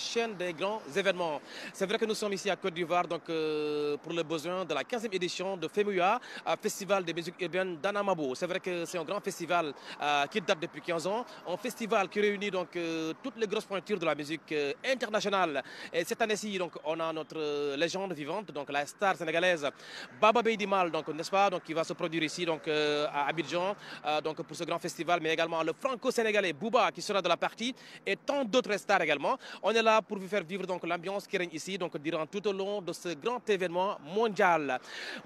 chaîne des grands événements. C'est vrai que nous sommes ici à Côte d'Ivoire donc euh, pour le besoin de la 15e édition de FEMUA, euh, Festival des musiques urbaines d'Anamabo. C'est vrai que c'est un grand festival euh, qui date depuis 15 ans, un festival qui réunit donc toutes les grosses pointures de la musique internationale. Et cette année-ci, donc on a notre légende vivante, donc la star sénégalaise Baba mal donc n'est-ce pas, donc qui va se produire ici donc à Abidjan, donc pour ce grand festival, mais également le franco-sénégalais Bouba qui sera de la partie et tant d'autres stars également. On est là là pour vous faire vivre donc l'ambiance qui règne ici donc durant tout au long de ce grand événement mondial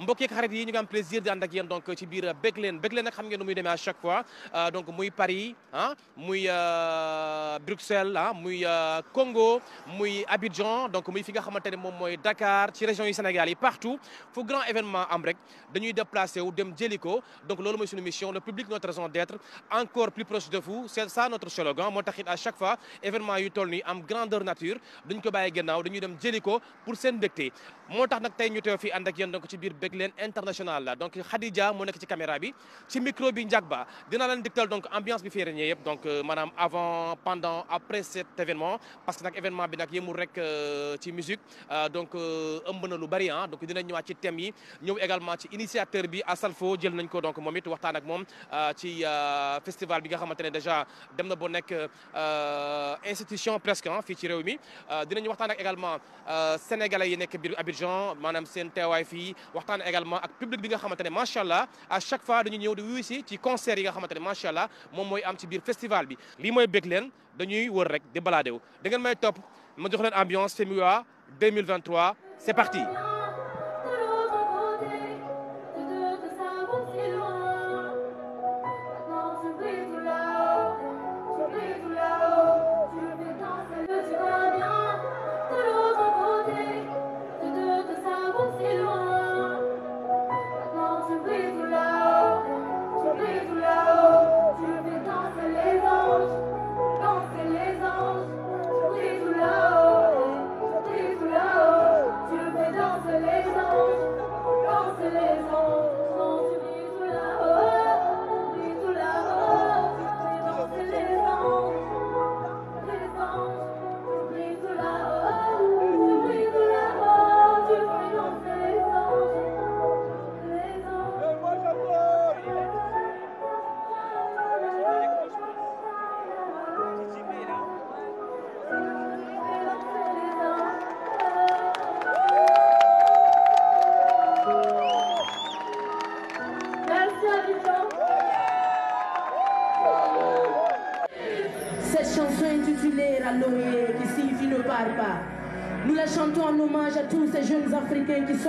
mbokk yeeg xarit yi ñu ngi am plaisir di andak ak donc ci biir beglen beglen nak xam ngeen nu muy à chaque fois euh, donc muy Paris ah muy euh, Bruxelles hein muy euh, Congo muy Abidjan donc muy fi nga xamantene mom moy Dakar ci région yi Sénégal yi partout fu grand événement am rek dañuy déplacer wu dem jëli donc lolu moy suñu mission le public notre raison d'être encore plus proche de vous c'est ça notre slogan moo taxit à chaque fois événement yu toll ni am grandeur candidature duñ ko baye gennaw dañuy dem jëliko pour sen mbégte motax nak tay ñu téw fi and ak yéen donc ci biir Begleen international la donc Khadija mo nek ci caméra bi ci micro bi njàg ba dinaa leen donc ambiance bi fii reñee donc euh, madame avant pendant après cet événement parce que nak événement bi nak yemul rek euh, ci musique euh, donc ëmb na lu bari hein donc dinañ ñëwaat ci thème yi ñëw également ci initiateur bi Asalfo jël nañ ko donc momit it waxtaan ak mom ci festival bi nga xamante déjà dem na bo nek institution presque ah, fii ci nous euh, dinañu également euh, sénégalais yi Abidjan manam sen téway également également public bi à chaque fois dañu ñëw di ci concert yi nga festival bi li moy leen dañuy wër rek da may ambiance FEMUA 2023 c'est parti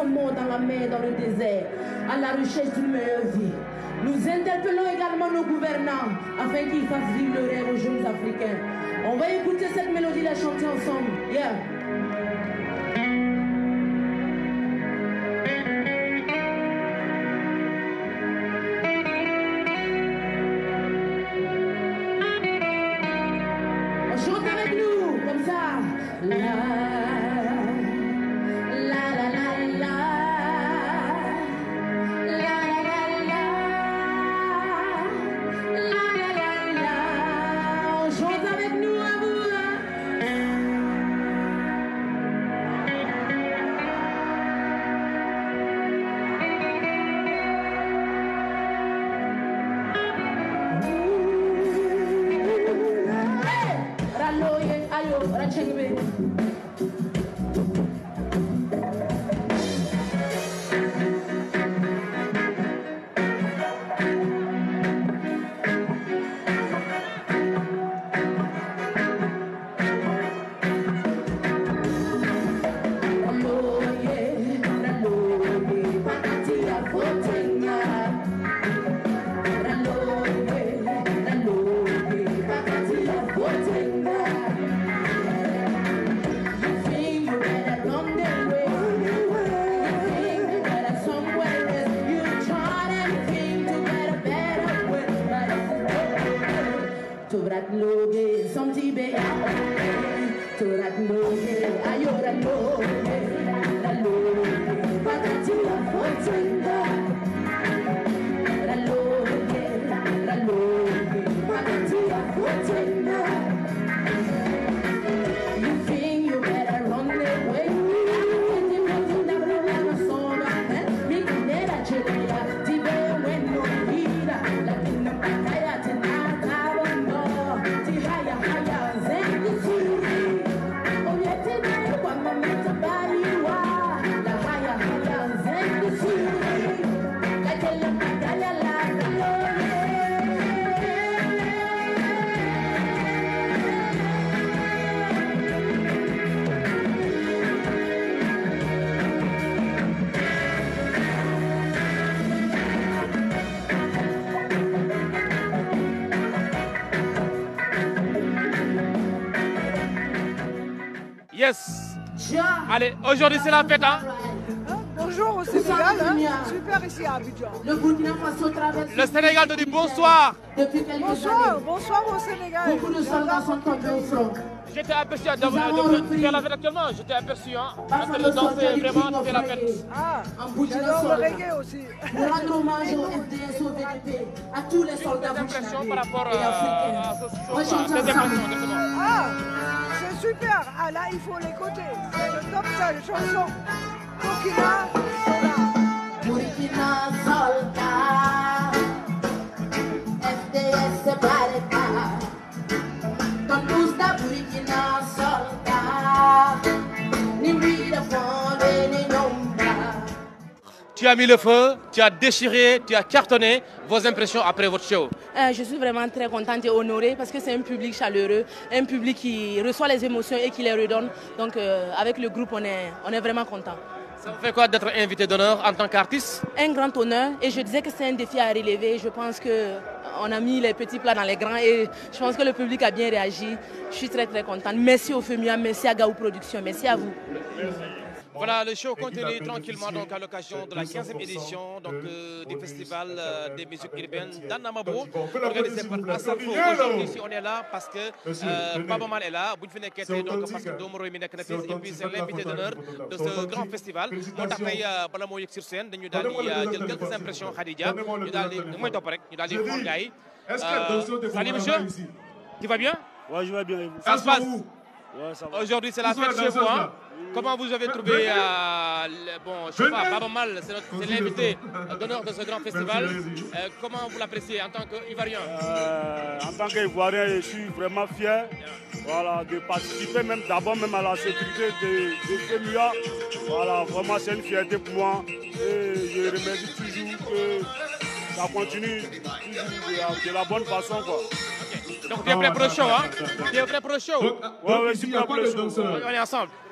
dans la mer, dans le désert, à la recherche d'une meilleure vie. Nous interpellons également nos gouvernants afin qu'ils fassent vivre le rêve aux jeunes Africains. On va écouter cette mélodie, la chanter ensemble. Yeah. Aujourd'hui, c'est la fête, hein Bonjour au Sénégal, hein super ici à Abidjan. Le Sénégal te dit bonsoir. Bonsoir, bonsoir au Sénégal. Beaucoup de soldats sont tombés au front. J'étais aperçu à de, de, faire la fête actuellement, j'étais aperçu, hein, en train de danser, vraiment, c'était la fête. Ah, j'adore le reggae aussi. Nous rendons hommage au FDS, au VDP, à tous les soldats burkinabés et euh, africains. Rejoins ensemble. Ah super. Ah là, il faut l'écouter. C'est le top, ça, la chanson. Burkina Sola. Burkina Sola. FDS Barca. Con luz da Burkina Sola. Ni fond, fome, ni non tu as mis le feu, tu as déchiré, tu as cartonné. Vos impressions après votre show euh, Je suis vraiment très contente et honorée parce que c'est un public chaleureux, un public qui reçoit les émotions et qui les redonne. Donc euh, avec le groupe, on est, on est vraiment content. Ça vous fait quoi d'être invité d'honneur en tant qu'artiste Un grand honneur et je disais que c'est un défi à relever. Je pense qu'on a mis les petits plats dans les grands et je pense que le public a bien réagi. Je suis très très contente. Merci au FEMIA, merci à Gaou Production, merci à vous. Merci. Voilà, le show continue tranquillement donc à l'occasion de la 15e édition donc, du euh, festival des euh, musiques urbaines d'Annamabou, organisé par Asafo. Aujourd'hui, on est là parce que euh, Baba Mal est là, Bouñ fi donc parce que Domoro réew mi na et puis c'est l'invité d'honneur de ce grand festival On tax fait bala moo sur scène dañu nous quelques impressions Khadija ñu daal di nous rek ñu Salut monsieur, tu vas bien? Oui, je vais bien. Ça se passe? ça Aujourd'hui, c'est la fête chez vous, Comment vous avez trouvé euh, bon, pas, Mal, c'est l'invité d'honneur de ce grand festival. Euh, comment vous l'appréciez en tant qu'Ivoirien euh, En tant qu'Ivoirien, je suis vraiment fier voilà, de participer même d'abord même à la sécurité de, de FEMUA. Voilà, vraiment c'est une fierté pour moi. Et je remercie toujours que ça continue de, la bonne façon. Quoi. Donc ah, tu es hein? prêt pour le show, hein Tu pour le show. On est ensemble.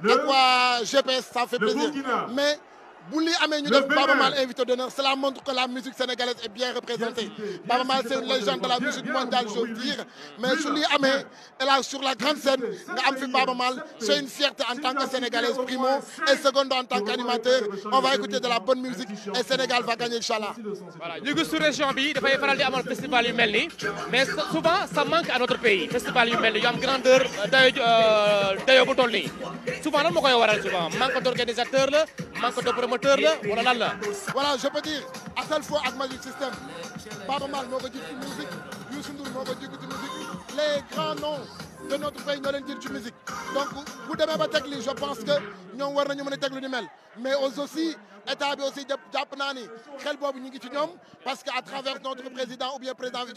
Le, de quoi GPS, ça fait plaisir. Mais bu lii de ñu def invité d'honneur cela montre que la musique sénégalaise est bien représentée BABAMAL Mal, c'est une légende de la musique mondiale je veux dire mais su Amé, elle est sur la grande scène nga am fi Baaba c'est une fierté en tant que sénégalaise primo et second en tant qu'animateur on va écouter de la bonne musique et Sénégal va gagner inchallah voilà ñu gis région bi dafay faral di amal festival yu mais souvent ça manque à notre pays festival yu il y a am grandeur euh, dayo euh, dayo bu toll souvent lan moo waral souvent manque d'organisateur la manque de wala la. voilà je peux dire à chaque fois ak Magic System Baaba Maal moo ko jiitu musique Youssou Ndour musique les grands noms de notre pays n'ont rien dit ci musique donc vous devez ba teg je pense que. Nous war nañu mëna a lu ni mel mais aussi état bi aussi japp naa ni xel bobu ñi ngi ci parce qu'à travers notre président ou bien président bi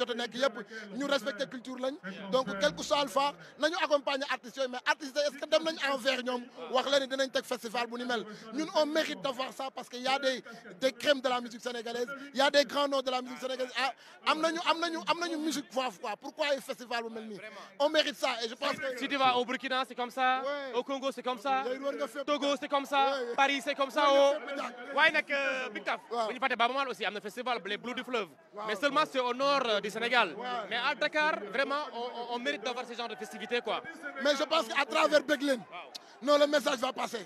respectons la ñu culture lañ donc quel que soit alpha nañu accompagner artistes mais mais artistes est-ce que dem nañ envers ñom wax leen ni dinañ festival bu ni mel ñun on mérite d'avoir ça parce qu'il y a des des crèmes de la musique sénégalaise il y a des grands noms de la musique sénégalaise ah, am nañu musique quoi pourquoi un festival bu mel on mérite ça et je pense que si tu vas au Burkina c'est comme ça au Congo c'est comme ça Togo c'est comme ça Paris c'est comme ça oh euh, Big Taf Il des fàtte aussi. aussi a festival les Blues du Fleuve mais seulement c'est au nord euh, du Sénégal mais à Dakar vraiment on mérite d'avoir ce genre de festivités mais je pense qu'à travers Berlin, non le message va passer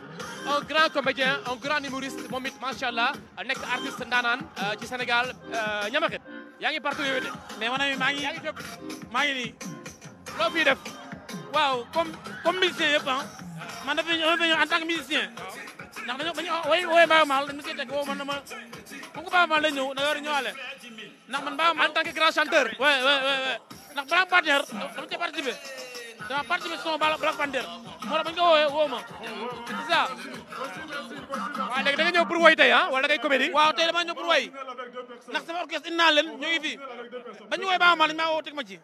un grand comédien un grand humoriste moom it macha allah nekk artiste ndaanaan euh, ci Sénégal euh, Ndiamacate. yaa ngi partout yooyu de. mais man maa ngi maa ngi nii. loo fiy def. waaw comme comme musicien yëpp ah. man dafa ñëw dafa ñëw en tant que ndax dañoo dañoo oh, woy woy Baaba Maal dañu see teg woo man dama ku ko Baaba Maal lay ñëw da war a ñëwaale. ndax man Baaba Maal en tant que grand chanteur. ndax balaa partenaire dama dama participer son Black Panther moo tax bañ ko woowee woo ma c'est ça. waaw léegi woy tey ah, waaw tey dama ñëw pour woy ndax sama orchestre indi naa leen fi ba woy ba ma lañ maa woo teg ma ci.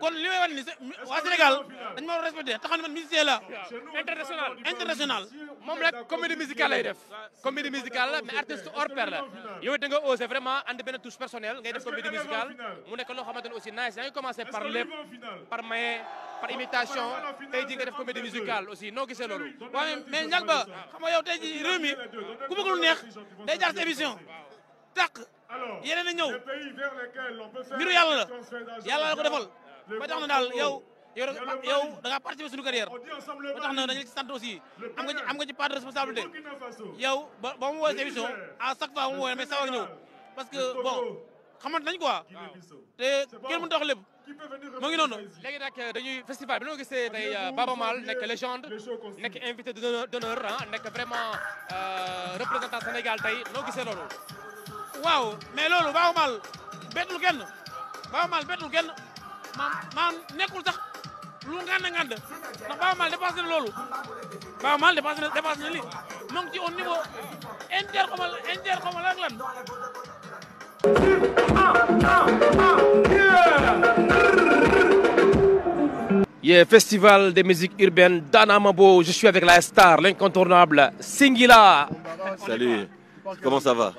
kon li may wax ni waa Sénégal dañ ma war a respecté taxaw ni man musicien la. international moom rek comédie musicale lay def. comédie musicale mais artiste hors pair yow da nga osé vraiment ànd benn touche personnelle ngay def comédie musicale mu nekk loo xamante ne prestation tey jii nga def comédie musicale aussi noo gisee lolu mais ñak ba xam nga yow tey jii réew ku bëgg lu neex day jaar sa émission tàq yeneen a ñëw mbiru yalla la yàlla la ko defal ba tax na daal yow. yow da nga participer suñu carrière ba tax na dañu ci sant aussi am nga ci am nga ci part de responsabilité yow ba mu woy sa émission à chaque fois mu woy mais saa war ñëw parce que bon xamante nañ quoi té kenn mu a lepp mu ngi noonu léegi nag euh, dañuy festival bi noo gisee tey euh, Baba Maal nekk légende nekk invité d'honneur ah nekk vraiment euh, représentant Sénégal tey noo gisee loolu. waaw mais loolu Baba Maal bettul kenn Baba Maal bettul kenn maam maam nekkul sax lu ngand ngand ndax Baba Maal dépassé loolu Baba Maal dépassé na dépassé ngi ci au niveau inter xamal inter xamal ak lan. le festival de musique urbaine d'Anamabo. Je suis avec la star, l'incontournable Singila. Salut, comment ça va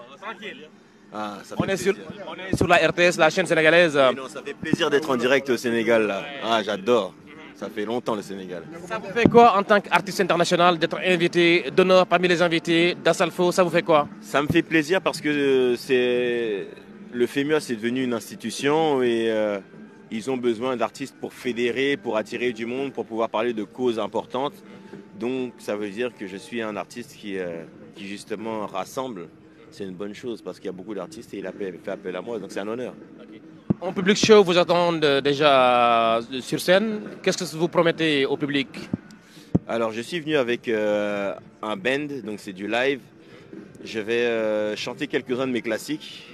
ah, on, est sur, la RTS, la chaîne sénégalaise. ça fait plaisir d'être en direct au Sénégal. Ah, j'adore. Ça fait longtemps le Sénégal. Ça vous fait quoi en tant qu'artiste international d'être invité d'honneur parmi les invités d'Assalfo Ça vous fait quoi Ça me fait plaisir parce que euh, c'est le FEMUA c'est devenu une institution et euh, ils ont besoin d'artistes pour fédérer, pour attirer du monde, pour pouvoir parler de causes importantes. Donc ça veut dire que je suis un artiste qui, euh, qui justement rassemble. C'est une bonne chose parce qu'il y a beaucoup d'artistes et il a fait appel à moi, donc c'est un honneur. En public show, vous attendez déjà euh, sur scène. Qu'est-ce que vous promettez au public Alors, je suis venu avec euh, un band, donc c'est du live. Je vais euh, chanter quelques-uns de mes classiques.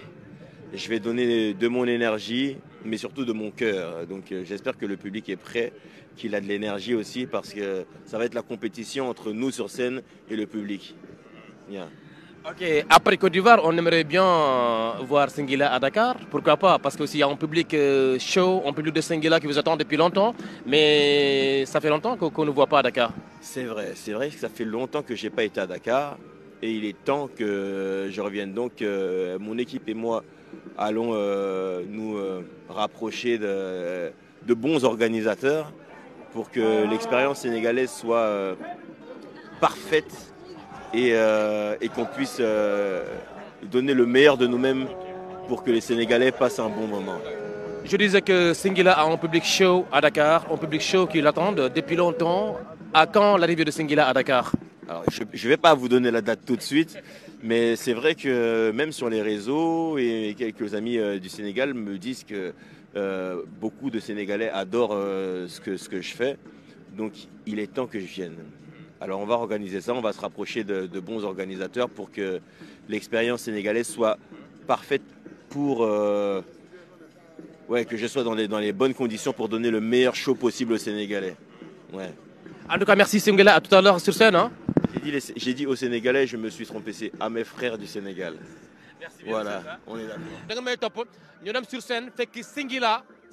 Je vais donner de mon énergie, mais surtout de mon cœur. Donc, j'espère que le public est prêt, qu'il a de l'énergie aussi, parce que ça va être la compétition entre nous sur scène et le public. Ok, après Côte d'Ivoire, on aimerait bien euh, voir Singila à Dakar. Pourquoi pas Parce qu'il y a un public euh, chaud, un public de Singila qui vous attend depuis longtemps. Mais ça fait longtemps qu'on ne voit pas à Dakar. C'est vrai, c'est vrai que ça fait longtemps que je n'ai pas été à Dakar. Et il est temps que je revienne. Donc, euh, mon équipe et moi allons nous rapprocher de bons organisateurs pour que l'expérience sénégalaise soit parfaite euh, et, qu'on puisse euh, donner le meilleur de nous-mêmes pour que les Sénégalais passent un bon moment. Je disais que Singila a un public show à Dakar, un public show qui l'attend depuis longtemps. À quand l'arrivée de Singila à Dakar Je ne vais pas vous donner la date tout de suite, mais c'est vrai que même sur les réseaux, et quelques amis euh, du Sénégal me disent que beaucoup de Sénégalais adorent ce que je fais. Donc il est temps que je vienne. Alors on va organiser ça, on va se rapprocher de, bons organisateurs pour que l'expérience sénégalaise soit parfaite pour euh, ouais, que je sois dans les, dans les bonnes conditions pour donner le meilleur show possible aux Sénégalais. Ouais. En tout cas, merci Singela, à tout à l'heure sur scène. Hein J'ai dit, dit, aux Sénégalais, je me suis trompé, c'est à mes frères du Sénégal. Merci bien, voilà, on est d'accord. sur scène,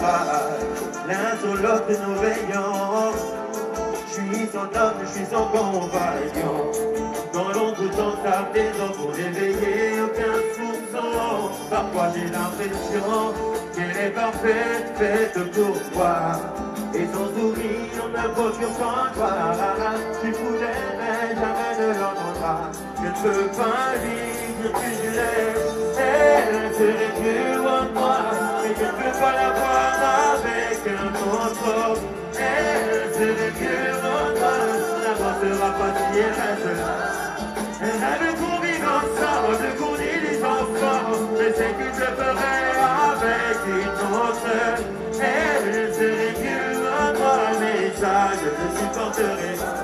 pas l'un sur l'autre de nos veillants. Je suis son homme, je suis son compagnon. Dans l'ombre sans sa maison pour réveiller aucun soupçon. Parfois j'ai l'impression qu'elle est parfaite, faite pour toi. Et son sourire me procure sans toi. Tu voulais, mais jamais ne l'entendra. Je ne peux pas lui dire que je l'aime. Elle serait plus loin. Je ne peux pas la voir avec un autre homme. Elle, c'est en moi, La pas si elle reste. Elle avait qu'on vive ensemble de conduis les enfants, mais c'est que je ferai avec une autre. Elle, se le en n'inventera mais ça, je ne supporterai.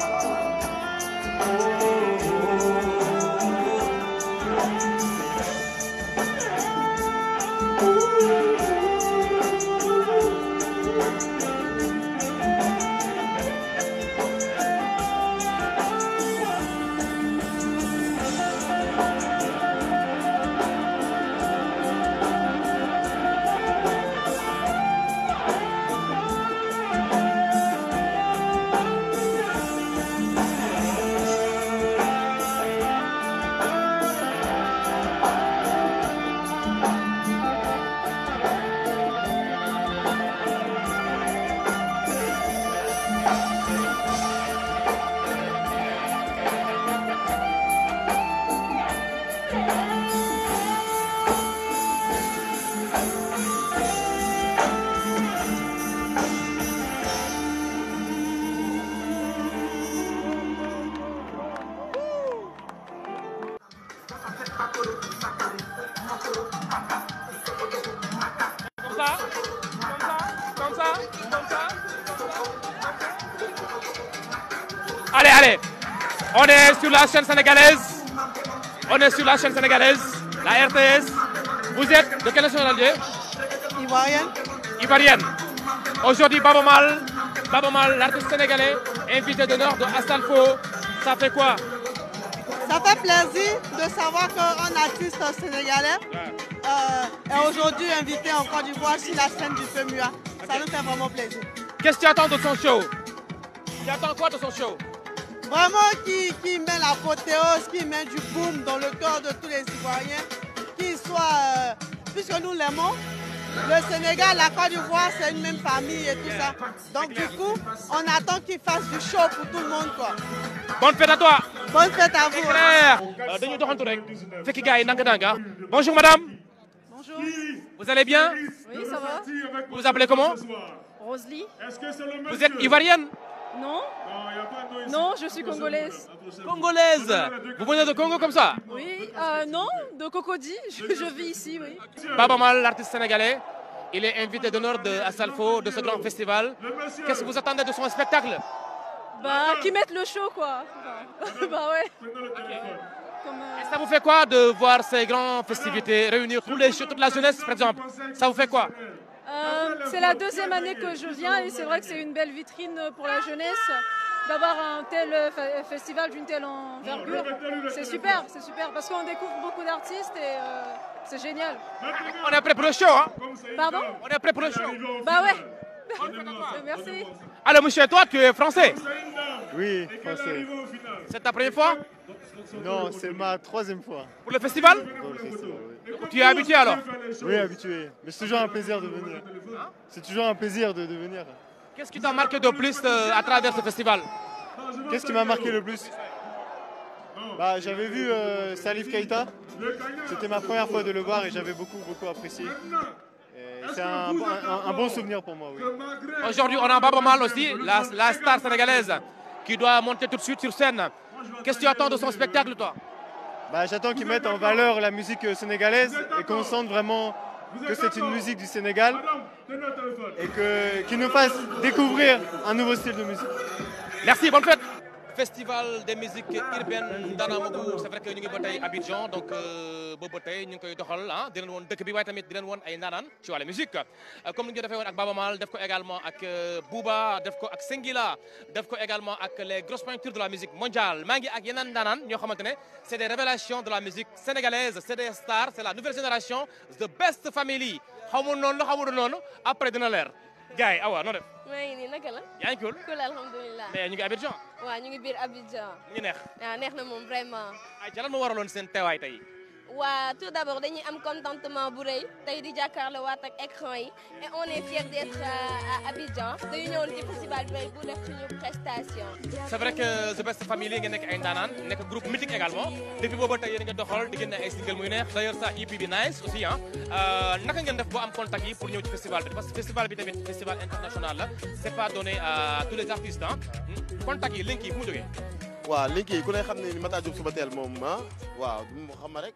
sénégalaise. On est sur la chaîne sénégalaise, la RTS. Vous êtes de quelle nationalité Ivoirienne. Ivoirienne. Aujourd'hui, Babomal, mal. l'artiste sénégalais, invité d'honneur de Astalfo. Ça fait quoi Ça fait plaisir de savoir qu'un artiste sénégalais euh, est aujourd'hui invité encore Côte d'Ivoire sur la scène du FEMUA. Ça nous fait vraiment plaisir. Qu'est-ce que tu attends de son show Tu attends quoi de son show vraiment qui, met la prothéose, qui met du boom dans le cœur de tous les Ivoiriens, qu'ils soient euh, puisque nous l'aimons, le Sénégal, la Côte d'Ivoire, c'est une même famille et tout ça. Donc du coup, on attend qu'il fasse du show pour tout le monde. Quoi. Bonne fête à toi. Bonne fête à vous. Hein. Euh, ah. Bonjour madame. Bonjour. Vous allez bien Oui, ça va. Vous vous appelez comment Rosely. Vous êtes ivoirienne non Non, je suis congolaise. Congolaise Vous venez de Congo comme ça Oui, euh, non, de Cocody, je, vis ici, oui. Baba Mal, l'artiste sénégalais, il est invité d'honneur de Asalfo, de ce grand festival. Qu'est-ce que vous attendez de son spectacle Bah, qu'il mette le show, quoi. Bah, ouais. Euh, ça vous fait quoi de voir ces grandes festivités réunir tous les, toute la jeunesse, par exemple Ça vous fait quoi euh, ah, c'est la deuxième année que je viens et c'est vrai que c'est une belle vitrine pour la jeunesse d'avoir un tel euh, festival d'une telle envergure. C'est super, c'est super parce qu'on découvre beaucoup d'artistes et euh, c'est génial. On est prêt pour le show, hein Pardon On est prêt pour le show. Bah ouais. Merci. Alors monsieur, toi tu es français Oui, français. C'est ta première fois Non, c'est ma troisième fois. Pour le festival tu es habitué alors Oui, habitué. Mais c'est toujours un plaisir de venir. c'est toujours un plaisir de, venir. Qu'est-ce qui t'a marqué de plus euh, à travers ce festival Qu'est-ce qui m'a marqué le plus bah, J'avais vu euh, Salif Keita. C'était ma première fois de le voir et j'avais beaucoup, beaucoup apprécié. C'est un, bon souvenir pour moi. Aujourd'hui, on a Baba Mal aussi, la, la star sénégalaise, qui doit monter tout de suite sur scène. Qu'est-ce que tu attends de son spectacle, toi bah, j'attends qu'ils mettent en valeur la musique euh, sénégalaise et qu'on sente vraiment que c'est une musique du Sénégal et qu'ils nous fassent découvrir un nouveau style de musique. Merci, bonne fête festival de musique urbaine Danamou c'est vrai que ñu ngi ba tey Abidjan donc nous euh, ba tey ñu ngi koy doxal ah di leen woon dëkk bi waaye tamit di leen woon ay ci musique comme nous ñu defee woon ak Baba Mal, def ko également ak euh, Booba def ko ak Singila def ko également ak les grosses peintures de la musique mondiale Mangi ngi ak yeneen ndaanaan ñoo c'est des révélations de la musique sénégalaise c'est des stars c'est la nouvelle génération the best family xamul nous sommes xamul non. après dina leer gaay awa ah noo def. maa ngi nii naka la. yaa ngi cool. cool alhamdulilah. mais ñu ngi Abidjan. waaw ñu ngi biir Abidjan. ñu ngi neex. waaw ah, neex na moom vraiment. ay ca lan ma waraloon seen teewaay tey. waa tout d'abord dañuy am contentement bu rëy tey di jàkkaarloo waat ak écran yi et on est fiers d'être euh, à Abidjan dañu ñëwoon ci festival bi bu def suñu prestation. c'est vrai que The Best Family ngeen nekk ay ndaanaan groupe mythique également depuis booba tey yéen nga doxal di génne ay single muy neex d'ailleurs ça EP bi nice aussi ah naka ngeen def boo am contact yi pour ñëw ci festival bi parce que festival bi tamit festival international la c'est pas donné à tous les artistes ah contact yi link yi fu mu jógee. link yi ku ne xam ne Matar Diop Subatel moom ah waaw xam nga rek.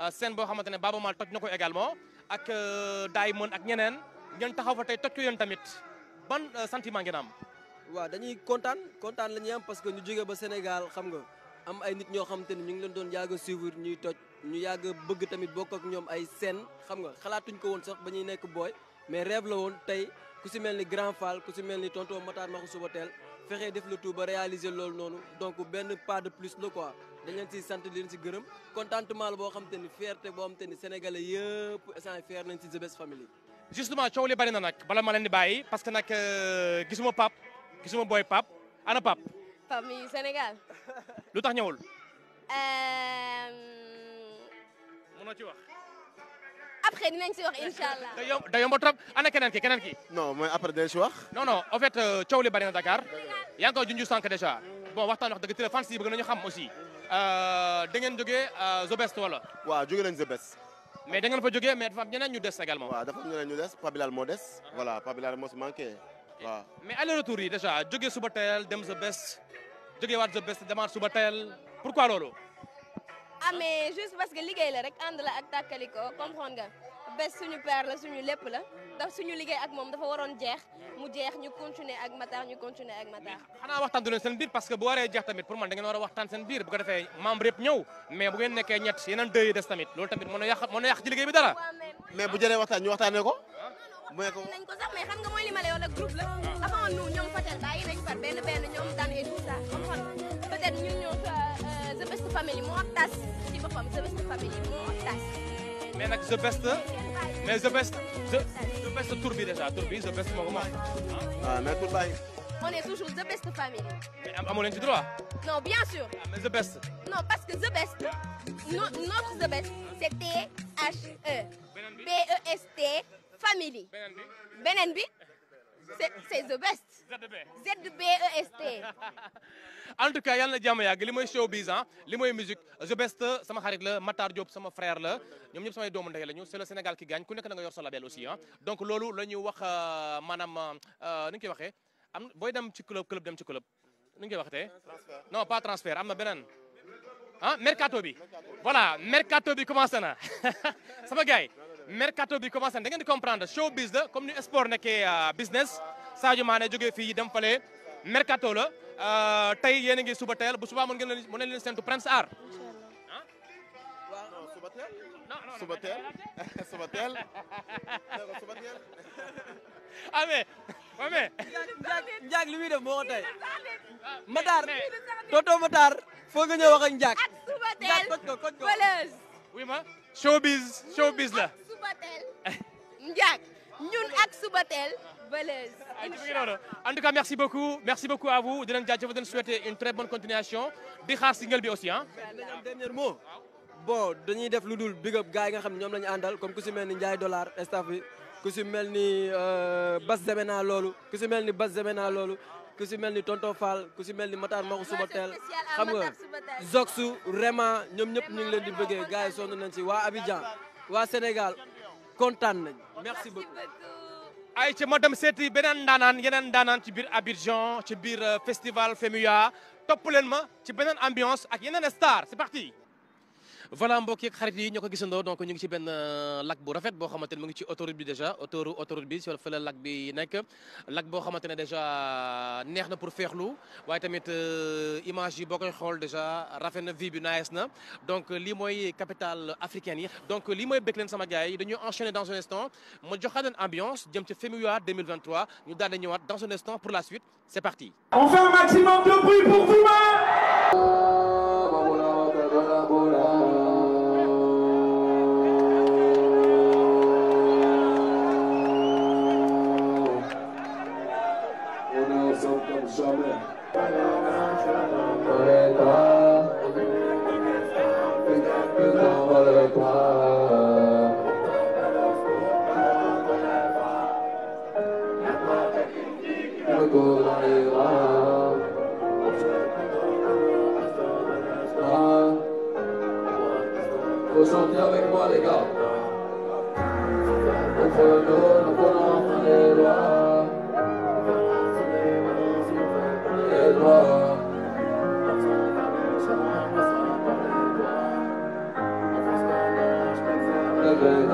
Euh, scène boo xamante ne Baaba Maal toj na ko également ak euh, daay mën ak ñeneen ngeen taxaw fa tey toj ko yéen tamit ban euh, sentiment ngeen am. waaw dañuy kontaan kontaan la ñuy am parce que ñu jógee ba Sénégal xam nga am ay nit ñoo xam te ñu ngi leen doon yàgg a suivre ñuy toj ñu yàgg bëgg tamit bokk ak ñoom ay scène xam nga xalaatuñ ko woon sax ba ñuy nekk booy mais rêve la woon tey ku si mel ni Grand Fall ku si mel ni tonton Matar Maxu Subatel fexe def le tout ba réaliser loolu noonu donc benn pas de plus la quoi. dañu leen siy sant di si gërëm contentement la boo xam te ni fierté boo xam te ni sénégalais yëpp instant fier nañ si The Best Family. justement coow li bari na bala ma leen di bàyyi parce que nag euh, gisuma pap gisuma booy pap ana pap pap mi Sénégal. lu tax ñëwul. mënoo ci wax. après dinañ si wax da yomb da yomb trop ana keneen ki keneen ki. non mooy après dinañ si wax. non non en fait euh, coow li bari na Dakar. yaa ngi koy déjà. bon waxtaan wax dëgg télé fans yi bëgg nañu xam aussi euh, da ngeen jógee euh, Zobest wala. waaw jóge Zobest. mais dangeen ngeen fa jógee mais dafa am ñu des également. waaw dafa am ñeneen ñu des Pabilal moo des. voilà Pabilal moo manqué mais aller retour yi déjà jógee suba teel dem Zobest jógee waat Zobest demaat suba teel pourquoi loolu. ah mais juste parce que liggéey la rek ànd la ak tàkkalikoo comprendre bés suñu père la suñu lépp la ndax suñu liggéey ak moom dafa waroon jeex mu jeex ñu continuer ak Matar ñu continuer ak Matar xanaa waxtaan du leen seen biir parce que bu waree jeex tamit pour man da ngeen war a waxtaan seen biir bu ko defee membre yëpp ñëw mais bu ngeen nekkee ñett yeneen deux yi des tamit loolu tamit mën na yàq mën na yàq ci liggéey bi dara mais bu jëree waxtaan ñu waxtaanee ko ah. mooy ko nañ ko sax mais xam nga mooy li ma lay wax la groupe la avant nous ñoom Fatel bàyyi nañ par benn benn ñoom daan et tout ça xam nga peut-être ñun ñoo euh, The Best Family moo tas ci boppam The Best Family moo tas mais nak the best mais the best the best tourbi déjà tourbi, the best moment. ah mais on est toujours the best Family. mais droit. non bien sûr. Ah, mais the best. non parce que the best notre the best c'est T H E. B E S T Family. Benenbi bi n B c'est the best. Z B E S T. en tout cas yàlla na jàmm yàgg li mooy showbiz ah li mooy musique the best sama xarit la Matar Diop sama frère la ñoom ñëpp samay doomu ndey lañu c'est le Sénégal qui gagne ku nekk da nga yor sa label aussi hein. donc loolu la ñuy wax euh, maanaam euh, nu ñu koy waxee am dem ci club club dem ci club nu ñu koy waxatee. non pas transfert am na beneen. Ah, mercato bi. voilà mercato bi commencé na sama gars mercato bi commencé da ngeen di comprendre showbiz la comme ni sport nekkee euh, business Sadio Mané jógee fii dem fale mercato la euh, tey yéen a ngi suba teel bu subaa mën ngeen leen mën leen séntu Prince Art. suba teel suba teel suba teel ah mais waa mais. Ndiak Ndiak li muy def moo ko tey. Ah, wax ak Ndiak. ak ko Subatel Ndiak ñun ak Subatel Beleuz en tout cas merci beaucoup merci beaucoup à vous di leen souhaite souhaiter une très bonne continuation di xaar single bi aussi hein? dernier mot bon dañuy def lu big up gars nga xam ñom lañu la comme ku ci melni ndjay dollar staff bi ku ci melni euh, ni Bas Zemena lolu, ku ci melni ni Bas Zemena lolu, ku ci melni ni tonton Fall ku ci melni ni Matar Maxu Subatel xam nga Zoxu vraiment ñom ñep ñu ngi leen di bëggee gaay yi sonn nañ ci wa Abidjan wa Sénégal content. merci beaucoup ay c'est madame dem benen danan yenen danan ci bir Abidjan ci bir euh, festival FEMUA top len ma ci benen ambiance ak yenen star c'est parti voilà mbokk yeeg xarit yi ñoko ko donc ñu ngi ci ben lac bu rafet bo xamantene mu ngi ci autoroute bi déjà autoroute autoroute bi sur le lac bi nek lac bo xamantene déjà euh, neex na pour feexlu waye tamit euh, image yi bokay xol déjà rafet na vie bi nice na donc li moy capitale africaine yi donc li moy bëgg leen sama gaay dañu enchaîner dans un instant ma joxaat une ambiance jëm ci FEMUA 2023 ñu daal ñëwaat dans un instant pour la suite c'est parti on fait un maximum de bruit pour vous hein.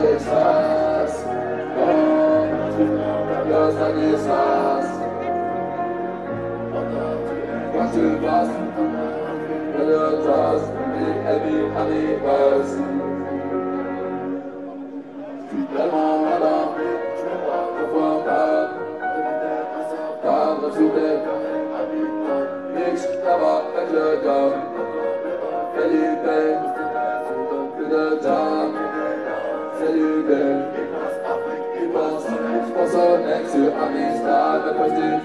Jesus, us. Rebels against us. Not too Jesus, Rebels, the enemy, and Also next to sur Amistad, the pose une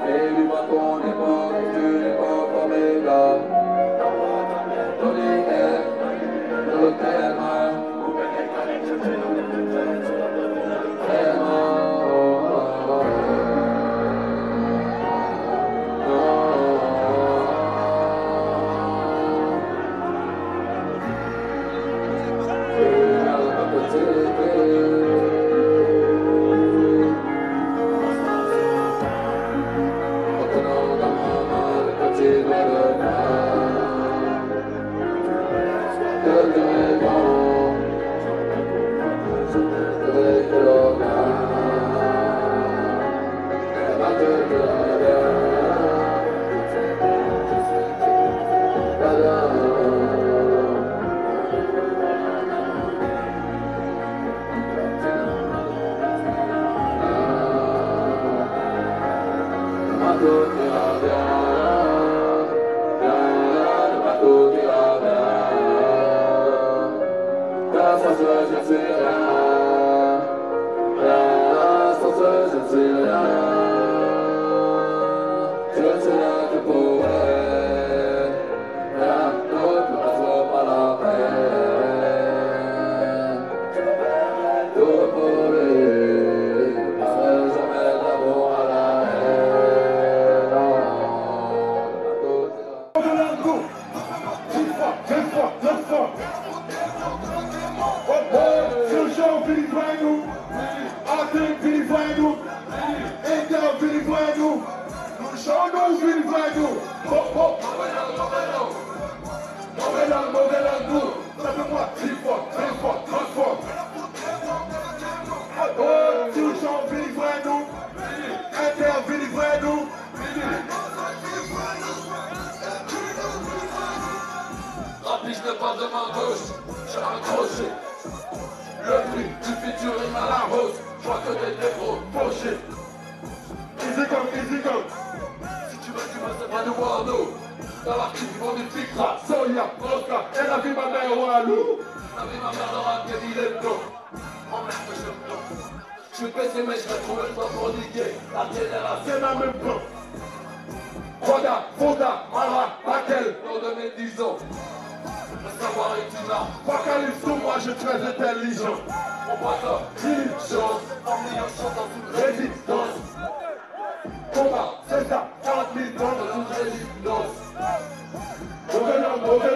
Eu Felipe Fábio! jaloux Avec ma mère dans un pied, il mon blanc que oh, je me Je vais baisser, mais je vais trouver toi pour niquer La télé est la sienne à même plan Roda, Fonda, Mara, Paquel Dans de mes 10 ans Le savoir est une arme Pas sous moi je suis très intelligent On boit ça, diligence Emmené en dans toute résistance Combat, c'est ça, 40 000 dans une résistance Mauvais mauvais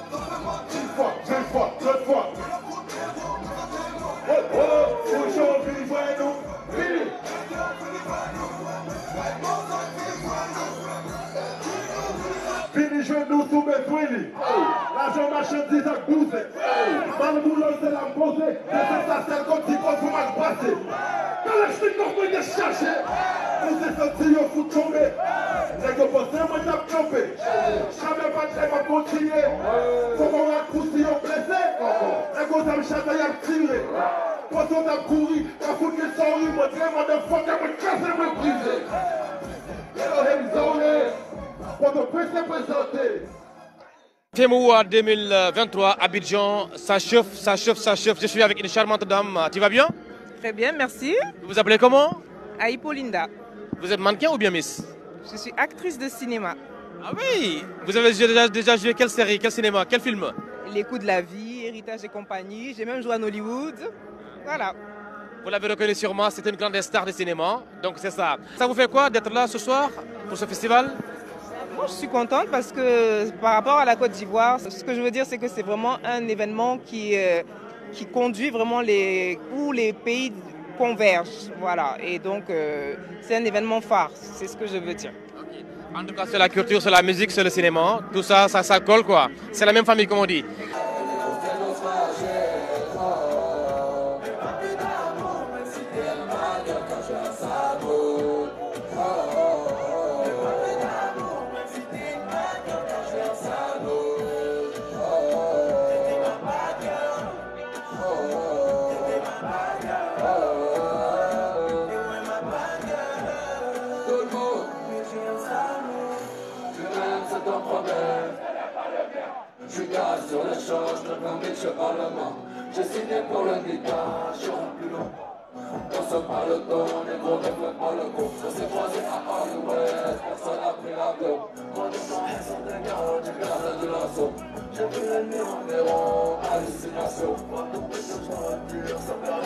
Une fois, fois, fois. Oh, nous Nusu Mefwili, l'argent marchandise à bousé, dans le boulot c'est la posée, des assassins comme si qu'on vous mal passé. Kalashnikov pas de chache, mwen se senti yo fout chombe, a yo posè mwen tap chombe, chame patre mwen les fokon akousi yo blese, nèk yo sam chata yap tire, a tap kouri, kafout ke sori, mwen un mwen de fote, mwen kase mwen et Yo hem Wamekwenda à présenter 2023, Abidjan, ça chauffe, ça chauffe, ça chauffe. Je suis avec une charmante dame. Tu vas bien Très bien, merci. Vous vous appelez comment Aïpolinda. Vous êtes mannequin ou bien miss Je suis actrice de cinéma. Ah oui Vous avez déjà, joué quelle série, quel cinéma, quel film Les coups de la vie, Héritage et compagnie. J'ai même joué à Hollywood. Voilà. Vous l'avez reconnu sûrement, c'est une grande star de cinéma. Donc c'est ça. Ça vous fait quoi d'être là ce soir pour ce festival je suis contente parce que par rapport à la Côte d'Ivoire, ce que je veux dire, c'est que c'est vraiment un événement qui, euh, qui conduit vraiment les, où les pays convergent. Voilà. Et donc, euh, c'est un événement phare. C'est ce que je veux dire. En tout cas, c'est la culture, c'est la musique, c'est le cinéma. Tout ça, ça, ça colle, quoi. C'est la même famille, comme on dit. J'ai signé pour le départ, je plus long. On se pas le dos, les gros pas le coup. On s'est croisé à Hollywood, personne n'a pris l'avion. ils sont des gars, du du lasso. J'ai vu l'ennemi en hallucination. tout le je ça perd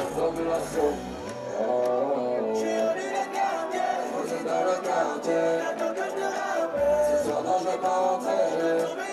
Dans le quartier, c'est soir non je vais pas rentrer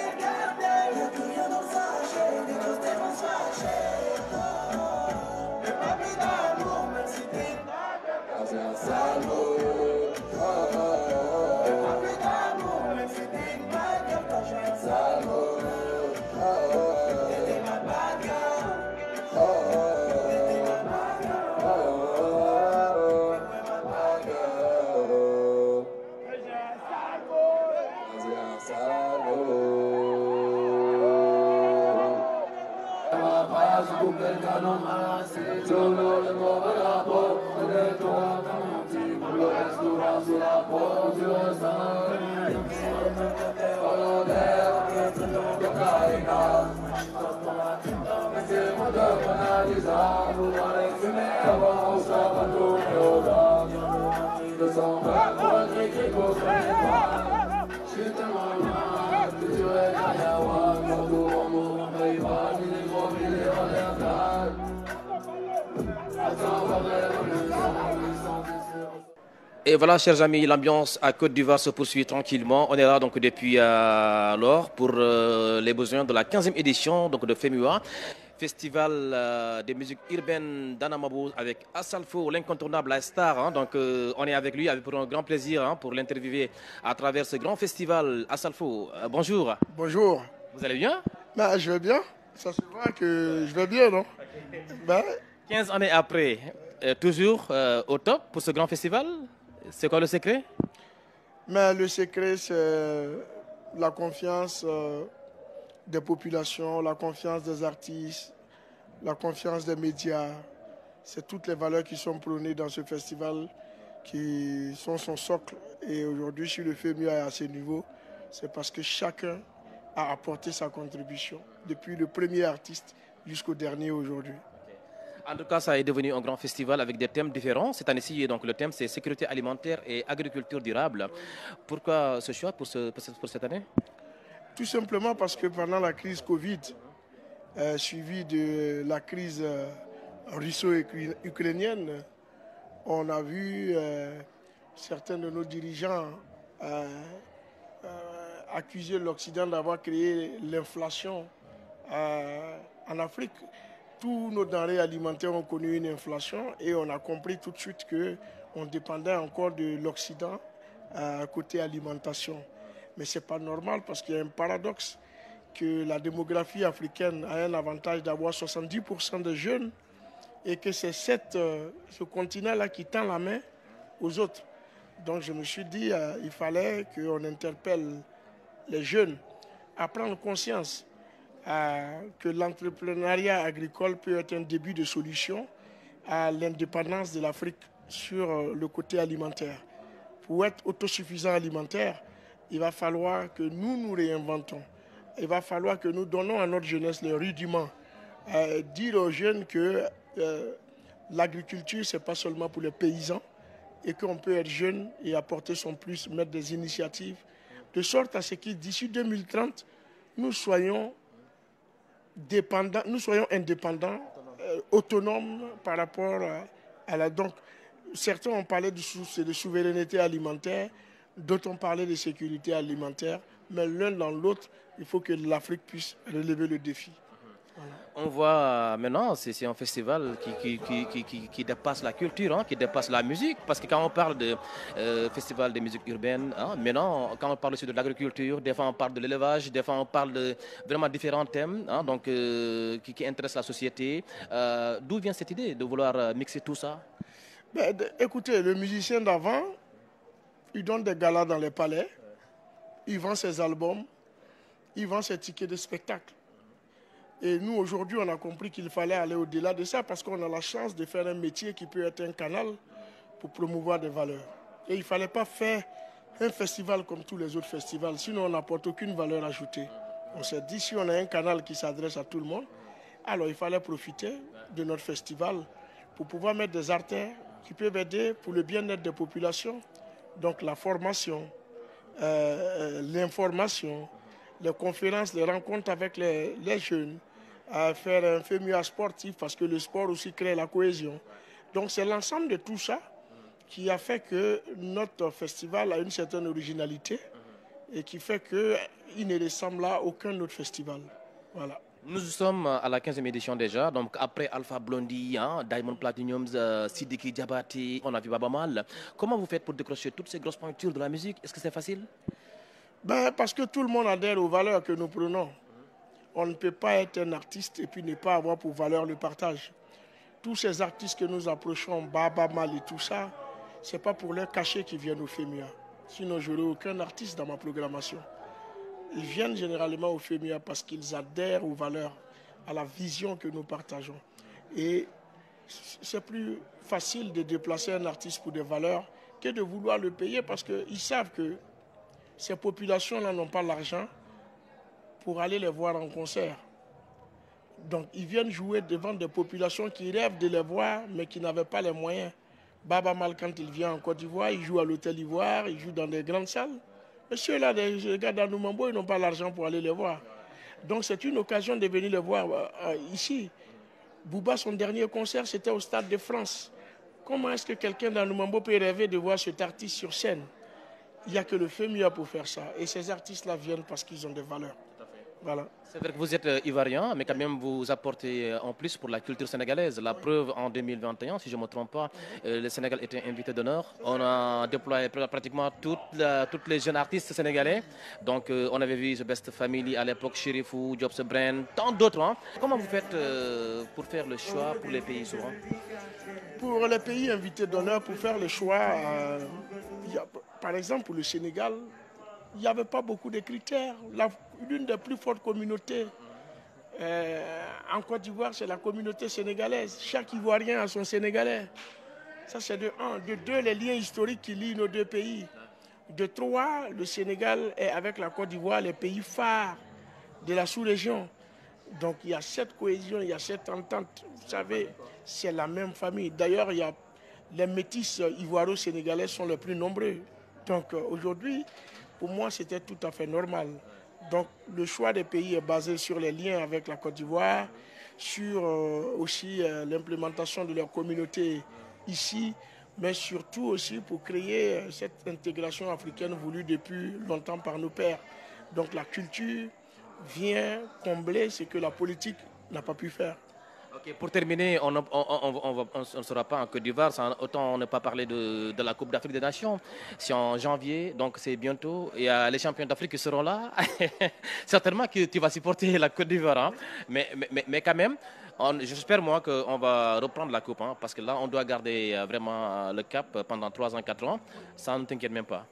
Et voilà, chers amis, l'ambiance à Côte d'Ivoire se poursuit tranquillement. On est là donc depuis euh, alors pour euh, les besoins de la 15e édition donc de FEMUA festival euh, des musiques urbaines d'Anamabou avec Asalfo, l'incontournable, star. Hein. donc, euh, on est avec lui avec, pour un grand plaisir hein, pour l'interviewer à travers ce grand festival. Asalfo, euh, bonjour. Bonjour. Vous allez bien bah, Je vais bien. Ça se voit que je vais bien, non 15 bah, années après, toujours au top pour ce grand festival. C'est quoi le secret mais Le secret, c'est la confiance des populations, la confiance des artistes, la confiance des médias. C'est toutes les valeurs qui sont prônées dans ce festival qui sont son socle. Et aujourd'hui, si le FEMIA est à ce niveau, c'est parce que chacun a apporté sa contribution, depuis le premier artiste jusqu'au dernier aujourd'hui. En tout cas, ça est devenu un grand festival avec des thèmes différents. Cette année-ci, le thème, c'est sécurité alimentaire et agriculture durable. Pourquoi ce choix pour cette année tout simplement parce que pendant la crise Covid, euh, suivie de la crise euh, russo-ukrainienne, on a vu euh, certains de nos dirigeants accuser l'Occident d'avoir créé l'inflation en Afrique. Tous nos denrées alimentaires ont connu une inflation et on a compris tout de suite qu'on dépendait encore de l'Occident côté alimentation. Mais ce n'est pas normal parce qu'il y a un paradoxe que la démographie africaine a un avantage d'avoir 70% de jeunes et que c'est cette euh, ce continent-là qui tend la main aux autres. Donc je me suis dit, qu'il euh, il fallait qu'on interpelle les jeunes à prendre conscience euh, que l'entrepreneuriat agricole peut être un début de solution à l'indépendance de l'Afrique sur le côté alimentaire. Pour être autosuffisant alimentaire, il va falloir que nous nous réinventons. Il va falloir que nous donnons à notre jeunesse le rudiment Euh, dire aux jeunes que euh, l'agriculture, ce n'est pas seulement pour les paysans et qu'on peut être jeune et apporter son plus, mettre des initiatives, de sorte à ce que d'ici 2030, nous soyons, indépendants, euh, autonomes par rapport à, la... Donc, certains ont parlé de souveraineté alimentaire. D'autant parler de sécurité alimentaire, mais l'un dans l'autre, il faut que l'Afrique puisse relever le défi. On voit euh, maintenant, c'est un festival qui, qui, dépasse la culture, hein, qui dépasse la musique. Parce que quand on parle de euh, festival de musique urbaine, hein, maintenant, quand on parle aussi de l'agriculture, des fois on parle de l'élevage, des fois on parle de vraiment différents thèmes hein, donc, euh, qui, intéressent la société. D'où vient cette idée de vouloir mixer tout ça ben, Écoutez, le musicien d'avant, ils donnent des galas dans les palais. ils vendent ses albums. ils vendent ses tickets de spectacle. Et nous, aujourd'hui, on a compris qu'il fallait aller au-delà de ça parce qu'on a la chance de faire un métier qui peut être un canal pour promouvoir des valeurs. Et il ne fallait pas faire un festival comme tous les autres festivals, sinon on n'apporte aucune valeur ajoutée. On s'est dit, si on a un canal qui s'adresse à tout le monde, alors il fallait profiter de notre festival pour pouvoir mettre des artères qui peuvent aider pour le bien-être des populations, donc la formation, euh, euh, l'information, les conférences, les rencontres avec les, jeunes, à faire un à sportif parce que le sport aussi crée la cohésion. Donc c'est l'ensemble de tout ça qui a fait que notre festival a une certaine originalité et qui fait qu'il ne ressemble à aucun autre festival. Voilà. Nous sommes à la 15e édition déjà, donc après Alpha Blondie, hein, Diamond Platinum, euh, Sidiki Diabati, on a vu Baba Mal. Comment vous faites pour décrocher toutes ces grosses peintures de la musique Est-ce que c'est facile ben, Parce que tout le monde adhère aux valeurs que nous prenons. On ne peut pas être un artiste et puis ne pas avoir pour valeur le partage. Tous ces artistes que nous approchons, Baba Mal et tout ça, ce n'est pas pour les cacher qu'ils viennent au FEMIA. Sinon, je n'aurai aucun artiste dans ma programmation. Ils viennent généralement au FEMIA parce qu'ils adhèrent aux valeurs, à la vision que nous partageons. Et c'est plus facile de déplacer un artiste pour des valeurs que de vouloir le payer parce qu'ils savent que ces populations-là n'ont pas l'argent pour aller les voir en concert. Donc ils viennent jouer devant des populations qui rêvent de les voir mais qui n'avaient pas les moyens. Baba Mal, quand il vient en Côte d'Ivoire, il joue à l'Hôtel Ivoire, il joue dans des grandes salles. Monsieur, là, les gars d'Anoumambo, ils n'ont pas l'argent pour aller les voir. Donc, c'est une occasion de venir les voir euh, euh, ici. Bouba, son dernier concert, c'était au Stade de France. Comment est-ce que quelqu'un dans Noumambo peut rêver de voir cet artiste sur scène Il n'y a que le mieux pour faire ça. Et ces artistes-là viennent parce qu'ils ont des valeurs. C'est vrai que vous êtes euh, mais quand même vous apportez euh, en plus pour la culture sénégalaise. La preuve, en 2021, si je ne me trompe pas, euh, le Sénégal était invité d'honneur. On a déployé pratiquement tous les jeunes artistes sénégalais. Donc on avait vu The Best Family à l'époque, Chérifou, Jobs Brand, tant d'autres. Hein. Comment vous faites pour faire le choix pour les pays souvent Pour les pays invités d'honneur, pour faire le choix, par exemple pour le Sénégal, il n'y avait pas beaucoup de critères l'une des plus fortes communautés euh, en Côte d'Ivoire, c'est la communauté sénégalaise. Chaque Ivoirien a son Sénégalais. Ça, c'est de un. De deux, les liens historiques qui lient nos deux pays. De trois, le Sénégal est avec la Côte d'Ivoire les pays phares de la sous-région. Donc il y a cette cohésion, il y a cette entente. Vous savez, c'est la même famille. D'ailleurs, les métis ivoiro-sénégalais sont les plus nombreux. Donc euh, aujourd'hui, pour moi, c'était tout à fait normal. Donc le choix des pays est basé sur les liens avec la Côte d'Ivoire, sur euh, aussi euh, l'implémentation de leur communauté ici, mais surtout aussi pour créer euh, cette intégration africaine voulue depuis longtemps par nos pères. Donc la culture vient combler ce que la politique n'a pas pu faire pour terminer, on ne sera pas en Côte d'Ivoire, autant on ne pas parler de, la Coupe d'Afrique des Nations. C'est en janvier, donc c'est bientôt. Il y a les champions d'Afrique qui seront là. Certainement que tu vas supporter la Côte d'Ivoire, hein. mais, mais, quand même, j'espère moi qu'on va reprendre la Coupe, hein, parce que là, on doit garder euh, vraiment euh, le cap pendant 3 ans, 4 ans. Ça ne t'inquiète même pas.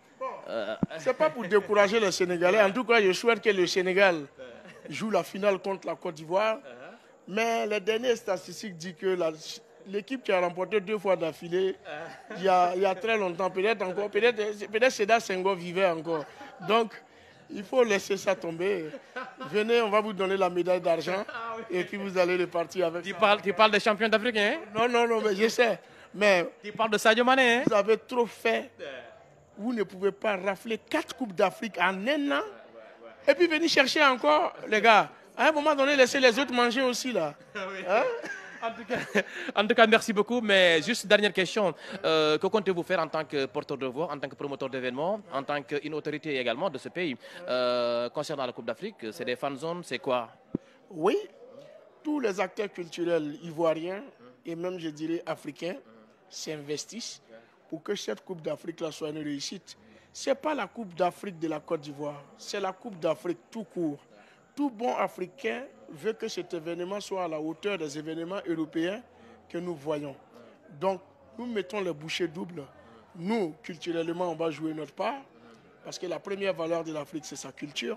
Euh, c'est pas pour décourager les Sénégalais. En tout cas, je souhaite que le Sénégal joue la finale contre la Côte d'Ivoire. Mais les dernières statistiques disent que l'équipe qui a remporté deux fois d'affilée, il y, a très longtemps, peut-être encore, peut-être Seda Senghor vivait encore. Donc, il faut laisser ça tomber. Venez, on va vous donner la médaille d'argent et puis vous allez repartir avec tu ça. Parles, tu parles des champions d'Afrique, hein Non, non, non, mais je sais. Mais tu parles de Sadio Mané, hein Vous avez trop fait. Vous ne pouvez pas rafler quatre Coupes d'Afrique en un an et puis venir chercher encore, les gars. À un moment donné, laissez les autres manger aussi, là. Hein? En tout, cas, merci beaucoup. Mais juste dernière question. Euh, que comptez-vous faire en tant que porteur de voix, en tant que promoteur d'événements, en tant qu'une autorité également de ce pays euh, concernant la Coupe d'Afrique C'est des fan zones, c'est quoi Oui, tous les acteurs culturels ivoiriens et même, je dirais, africains s'investissent pour que cette Coupe d'Afrique-là soit une réussite. Ce n'est pas la Coupe d'Afrique de la Côte d'Ivoire, c'est la Coupe d'Afrique tout court. Tout bon Africain veut que cet événement soit à la hauteur des événements européens que nous voyons. Donc, nous mettons les bouchées doubles. Nous, culturellement, on va jouer notre part, parce que la première valeur de l'Afrique, c'est sa culture.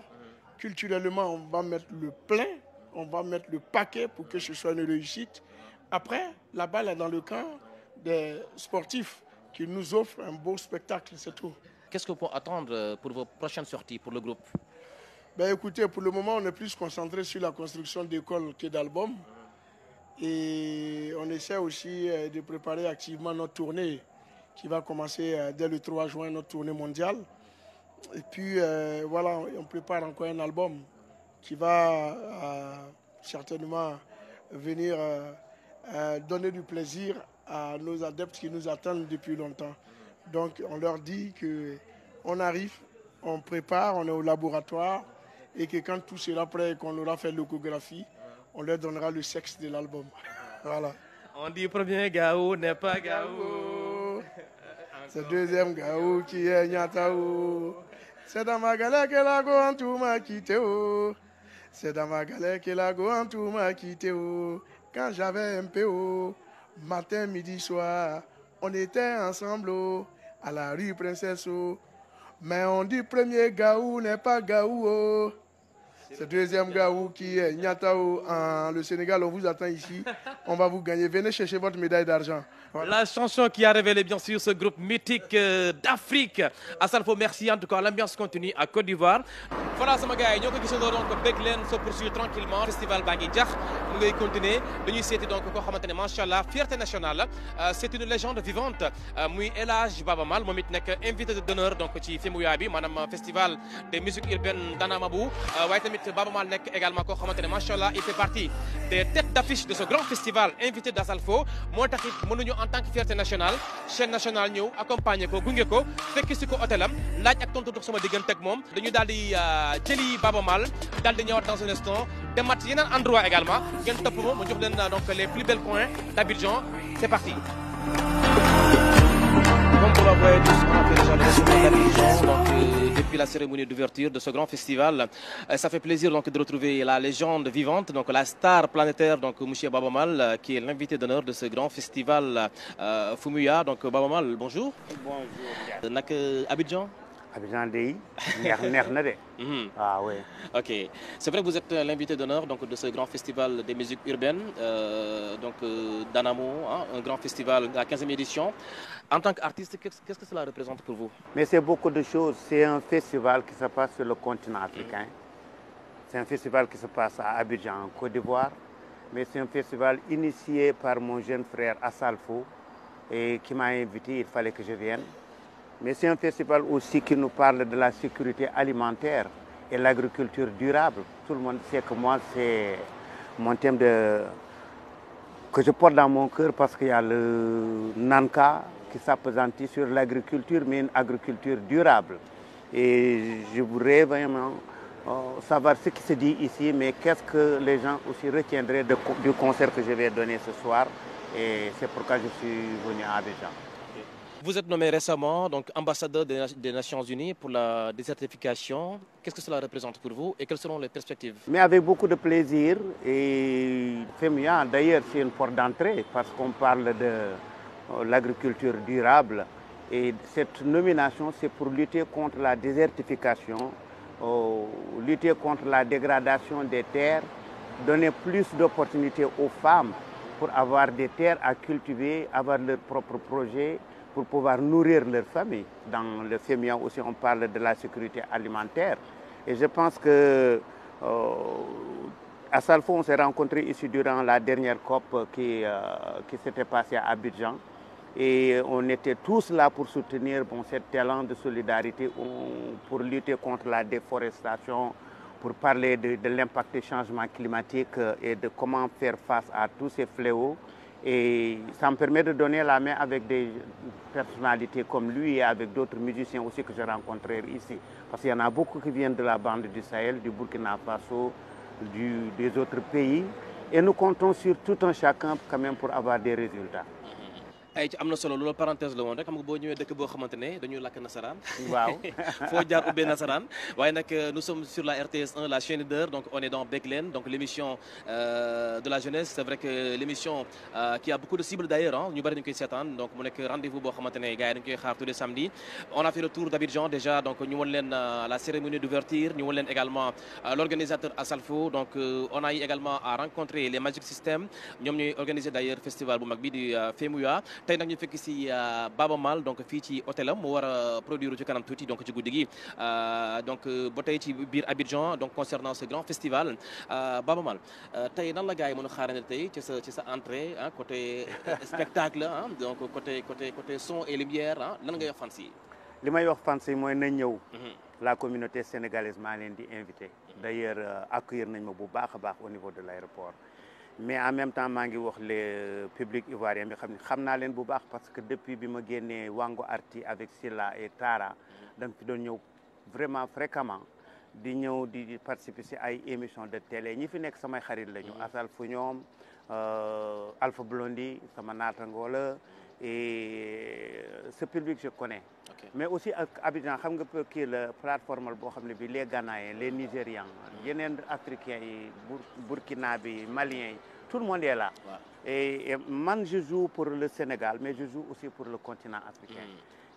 Culturellement, on va mettre le plein, on va mettre le paquet pour que ce soit une réussite. Après, la balle est dans le camp des sportifs qui nous offrent un beau spectacle, c'est tout. Qu'est-ce que vous pouvez attendre euh, pour vos prochaines sorties pour le groupe ben, écoutez, pour le moment, on est plus concentré sur la construction d'écoles que d'albums. Et on essaie aussi euh, de préparer activement notre tournée qui va commencer euh, dès le 3 juin, notre tournée mondiale. Et puis, euh, voilà, on prépare encore un album qui va certainement venir donner du plaisir à nos adeptes qui nous attendent depuis longtemps. Donc, on leur dit qu'on arrive, on prépare, on est au laboratoire, et que quand tout sera prêt et qu'on aura fait l'échographie, on leur donnera le sexe de l'album. voilà. On dit premier Gaou n'est pas Gaou. C'est deuxième Gaou qui est Nyatao. C'est dans ma galère que la tout m'a quitté. Oh. C'est dans ma galère que la tout m'a quitté. Oh. Quand j'avais un PO, oh, matin, midi, soir, on était ensemble à la rue Princesse. Mais on dit premier Gaou n'est pas Gaou. C'est deuxième où qui est Nyatao en le Sénégal. On vous attend ici. On va vous gagner. Venez chercher votre médaille d'argent. La chanson qui a révélé bien sûr ce groupe mythique euh, d'Afrique. Asalfo. merci en tout cas. L'ambiance continue à Côte d'Ivoire. Voilà ma gars yi ñoo ko donc se poursuit tranquillement festival Bangui Diak. jax mu continuer dañuy donc encore xamante ne fierté nationale euh, C'est une légende vivante euh, muy elage Babamal, Baba Mal moom invité d'honneur donc ci Fimbuya bi festival des musiques urbaines d'Anamabu Je tamit Baba Mal également encore xamante ne il fait partie des têtes d'affiche de ce grand festival invité d'Asalfo, moo taxit en tant que fierté nationale chaîne nationale ñeu accompagner ko gungé ko fekk si ko hôtelam laaj ak tontu dox sama diggante ak mom dañu daldi euh, jëli Baba mal daldi dans un instant demat yeneen endroit également ngeen top mo mu jox len euh, donc les plus belles coins d'Abidjan c'est parti la cérémonie d'ouverture de ce grand festival. Euh, ça fait plaisir donc de retrouver la légende vivante, donc la star planétaire, donc Mouchia Babamal, euh, qui est l'invité d'honneur de ce grand festival euh, Fumuya. Donc Babamal, bonjour. Bonjour. Euh, nak Abidjan Abidjan Dey, mhm. Ah oui. Ok. C'est vrai que vous êtes euh, l'invité d'honneur de ce grand festival des musiques urbaines, euh, donc euh, d'Anamo, hein, un grand festival de la 15e édition. En tant qu'artiste, qu'est-ce que cela représente pour vous Mais c'est beaucoup de choses. C'est un festival qui se passe sur le continent africain. Mhm. C'est un festival qui se passe à Abidjan, en Côte d'Ivoire. Mais c'est un festival initié par mon jeune frère Assalfo et qui m'a invité. Il fallait que je vienne. Mais c'est un festival aussi qui nous parle de la sécurité alimentaire et l'agriculture durable. Tout le monde sait que moi, c'est mon thème de... que je porte dans mon cœur parce qu'il y a le Nanka qui s'appesantit sur l'agriculture, mais une agriculture durable. Et je voudrais vraiment euh, savoir ce qui se dit ici, mais qu'est-ce que les gens aussi retiendraient du concert que je vais donner ce soir. Et c'est pourquoi je suis venu à gens. Vous êtes nommé récemment donc, ambassadeur des, Nations Unies pour la désertification. Qu'est-ce que cela représente pour vous et quelles seront les perspectives Mais avec beaucoup de plaisir et FEMIA, d'ailleurs, c'est une porte d'entrée parce qu'on parle de euh, l'agriculture durable. Et cette nomination, c'est pour lutter contre la désertification, euh, lutter contre la dégradation des terres, donner plus d'opportunités aux femmes pour avoir des terres à cultiver, avoir leurs propres projets, pour pouvoir nourrir leur famille. Dans le FEMIA aussi, on parle de la sécurité alimentaire. Et je pense que euh, à Salfo, on s'est rencontrés ici durant la dernière COP qui, euh, s'était passée à Abidjan. Et on était tous là pour soutenir bon, cet élan de solidarité pour lutter contre la déforestation, pour parler de, l'impact du changement climatique et de comment faire face à tous ces fléaux. Et ça me permet de donner la main avec des personnalités comme lui et avec d'autres musiciens aussi que j'ai rencontrés ici. Parce qu'il y en a beaucoup qui viennent de la bande du Sahel, du Burkina Faso, des autres pays. Et nous comptons sur tout un chacun quand même pour avoir des résultats ay ci solo parenthèse le monde. rek xam nga boo ñëwee dëkk boo xamante ne dañuy làkk nasaraan waaw euh, nous sommes sur la RTS 1 la chaîne d'heure. donc on est dans Begleen donc l'émission euh, de la jeunesse c'est vrai que l'émission euh, qui a beaucoup de cibles d'ailleurs ah ñu bëri donc mu nekk rendez-vous boo xamante ne gars koy xaar tous les samedis on a fait le tour d'Abidjan déjà donc ñu won euh, la cérémonie d'ouverture ñu won leen également euh, l'organisateur Asalfo donc on a également à rencontrer les Magic System ñoom ñooy organiser d'ailleurs festival bu mag bi di tay nak ñu fekk ci euh, Baba mal donc fi ci hôtel am wara produire ci kanam tuuti donc ci guddi gi euh, donc euh, ba tey ci bir Abidjan donc concernant ce grand festival Baba mal tay nan la gaay mënu xaarane tay ci sa ci sa entrée hein côté spectacle hein donc côté côté côté son et lumière hein lan ngay wax fans yi. li may wax fans moy na ñew mhm. la communauté sénégalaise m'a leen di invité. Mhm. D'ailleurs, accueillir nañ ma bu baax baax au niveau de l'aéroport mais en même temps mangi wax le euh, public ivoirien bi xamni xamna len bu baax parce que depuis suis venu à Wango Arti avec Silla et Tara dama fi vraiment fréquemment di ñëw di participer ci ay émission de télé ñi fi nek samay xarit lañu. Mm-hmm. Asal fu euh Alpha blondi sama N'atangola et euh, ce public je connais. mais aussi Abidjan je sais, que la plateforme les Ghanais, les Nigériens, les africains les Burkinabés, les Maliens tout le monde est là. et moi, je joue pour le Sénégal mais je joue aussi pour le continent africain. Mm.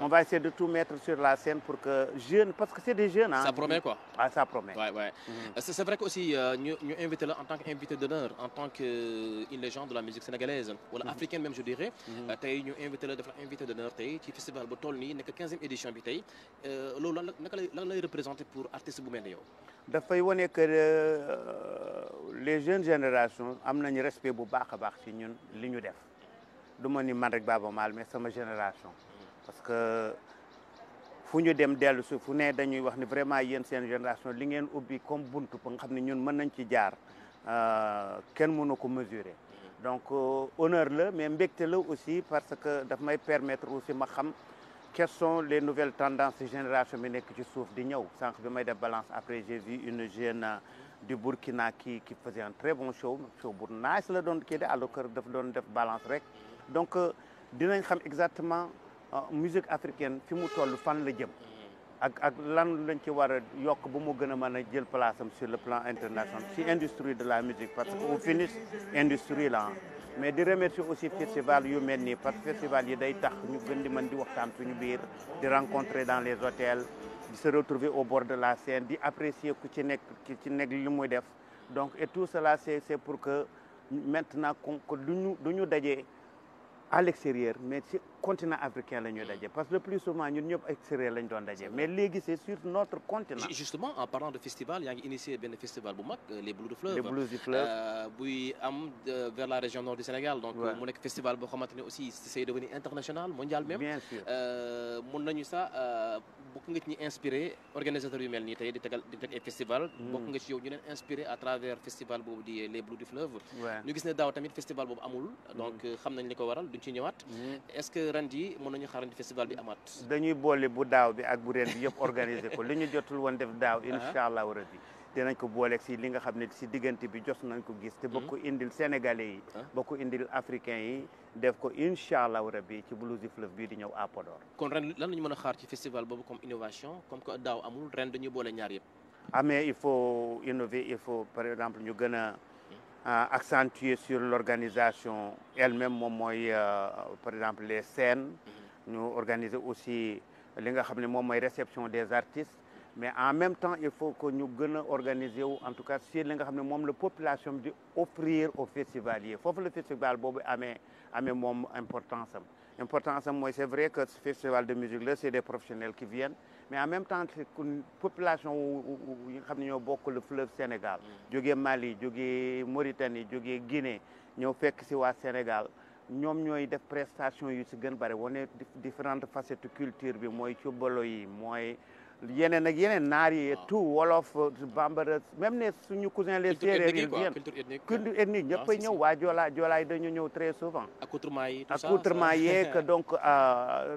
On va essayer de tout mettre sur la scène pour que jeunes, parce que c'est des jeunes. Hein, ça promet quoi ah, Ça promet. Ouais, ouais. Mhm. C'est vrai qu'aussi, euh, nous, nous là en tant qu'invité d'honneur, en tant que euh, légende de la musique sénégalaise, ou mhm. africaine même, je dirais. Mm -hmm. euh, nous invitons là de l'invité d'honneur, qui festival Botolni, n'est euh, que 15e édition. de qu'est-ce que représenté pour artistes Bouménéo Il faut que les jeunes générations ont un respect pour nous, ce que nous faisons. Je ne dis pas Mal, mais c'est ma génération parce que fuñu dem vraiment génération li ngeen comme buntu ñun nañ mesurer. donc euh, honneur le mais le aussi parce que daf may permettre aussi ma quelles sont les nouvelles tendances génération que nek ci après j'ai vu une jeune euh, du Burkina qui faisait un très bon show show la daf def balance donc euh, exactement ah, musique africaine fi mu tollu fan la jëm ak ak lan lañ ci wara a bu ba mu gën jël place am sur le plan international C'est industrie de la musique parce que au finish industrie là. Ah. mais di remercier aussi festival yu melni parce que festival yi day tax ñu gën di mën di suñu biir di rencontrer dans les hôtels di se retrouver au bord de la scène di apprécier ku ci nek ci li def donc et tout cela c'est c'est pour que maintenant que duñu duñu dajé à l'extérieur mais continent africain la ñuy parce que le plus souvent ñun ñëpp extérieur lañ doon dajé mais légui c'est sur notre continent. justement en parlant de festival yaa ngi initié un festival bu mag euh, les Blues du Fleuve. les Blues du Fleuve euh, am euh, vers la région nord du Sénégal. donc mu nek festival boo xamanteni aussi c'est devenu international mondial même. bien sûr mun nañu sax bokk nga ci ñi inspiré organisateurs yu mel nii di di festival. Hmm. bokk nga ci yow ñu leen inspiré à travers festival des di les Blues du Fleuve. ñu gis ne daaw tamit festival bobu amul. Hmm. donc xam nañ li ko waral duñ ci ñëwaat. Hmm. est-ce que ren ji mën nañu xaarandi festival bi amaat dañuy boole bu daaw bi ak bu ren bi yëpp organiser ko li ñu jotul woon def daaw ah. incha allahu rabbi dinañ ko booleeg si li nga xam ne si diggante bi jos nañ ko gis te bokk hmm. indil sénégalais yi ah. bokk indil africain yi def ko incha allahu rabbi ci Blues du Fleuve bii di ñëw à Podor kon ren lan lañu mën a xaar ci festival boobu comme innovation comme que daaw amul ren dañuy boole ñaar yëpp amee ah, il faut innover il faut par exemple ñu gën a Euh, Accentuer sur l'organisation elle-même euh, par exemple les scènes nous mm-hmm. organisons aussi la réception des artistes mais en même temps il faut que nous organisions, en tout cas sur la population offrir au festivalier que le festival le une importance c'est vrai que ce festival de musique là, des professionnels qui viennent mais en même temps population une y qui ne le fleuve Sénégal jógee Mali la Mauritanie la Guinée faisons que c'est au Sénégal nous avons des prestations qui sont différentes facettes de culture bi yenen ak yenen naar yi ah. tout wolof bambara même ne suñu cousin les séeréer yi viennent culture ethnique ñëpp ñew ah, ñëw waa yi dañu ñëw très souvent accoutrement que donc euh,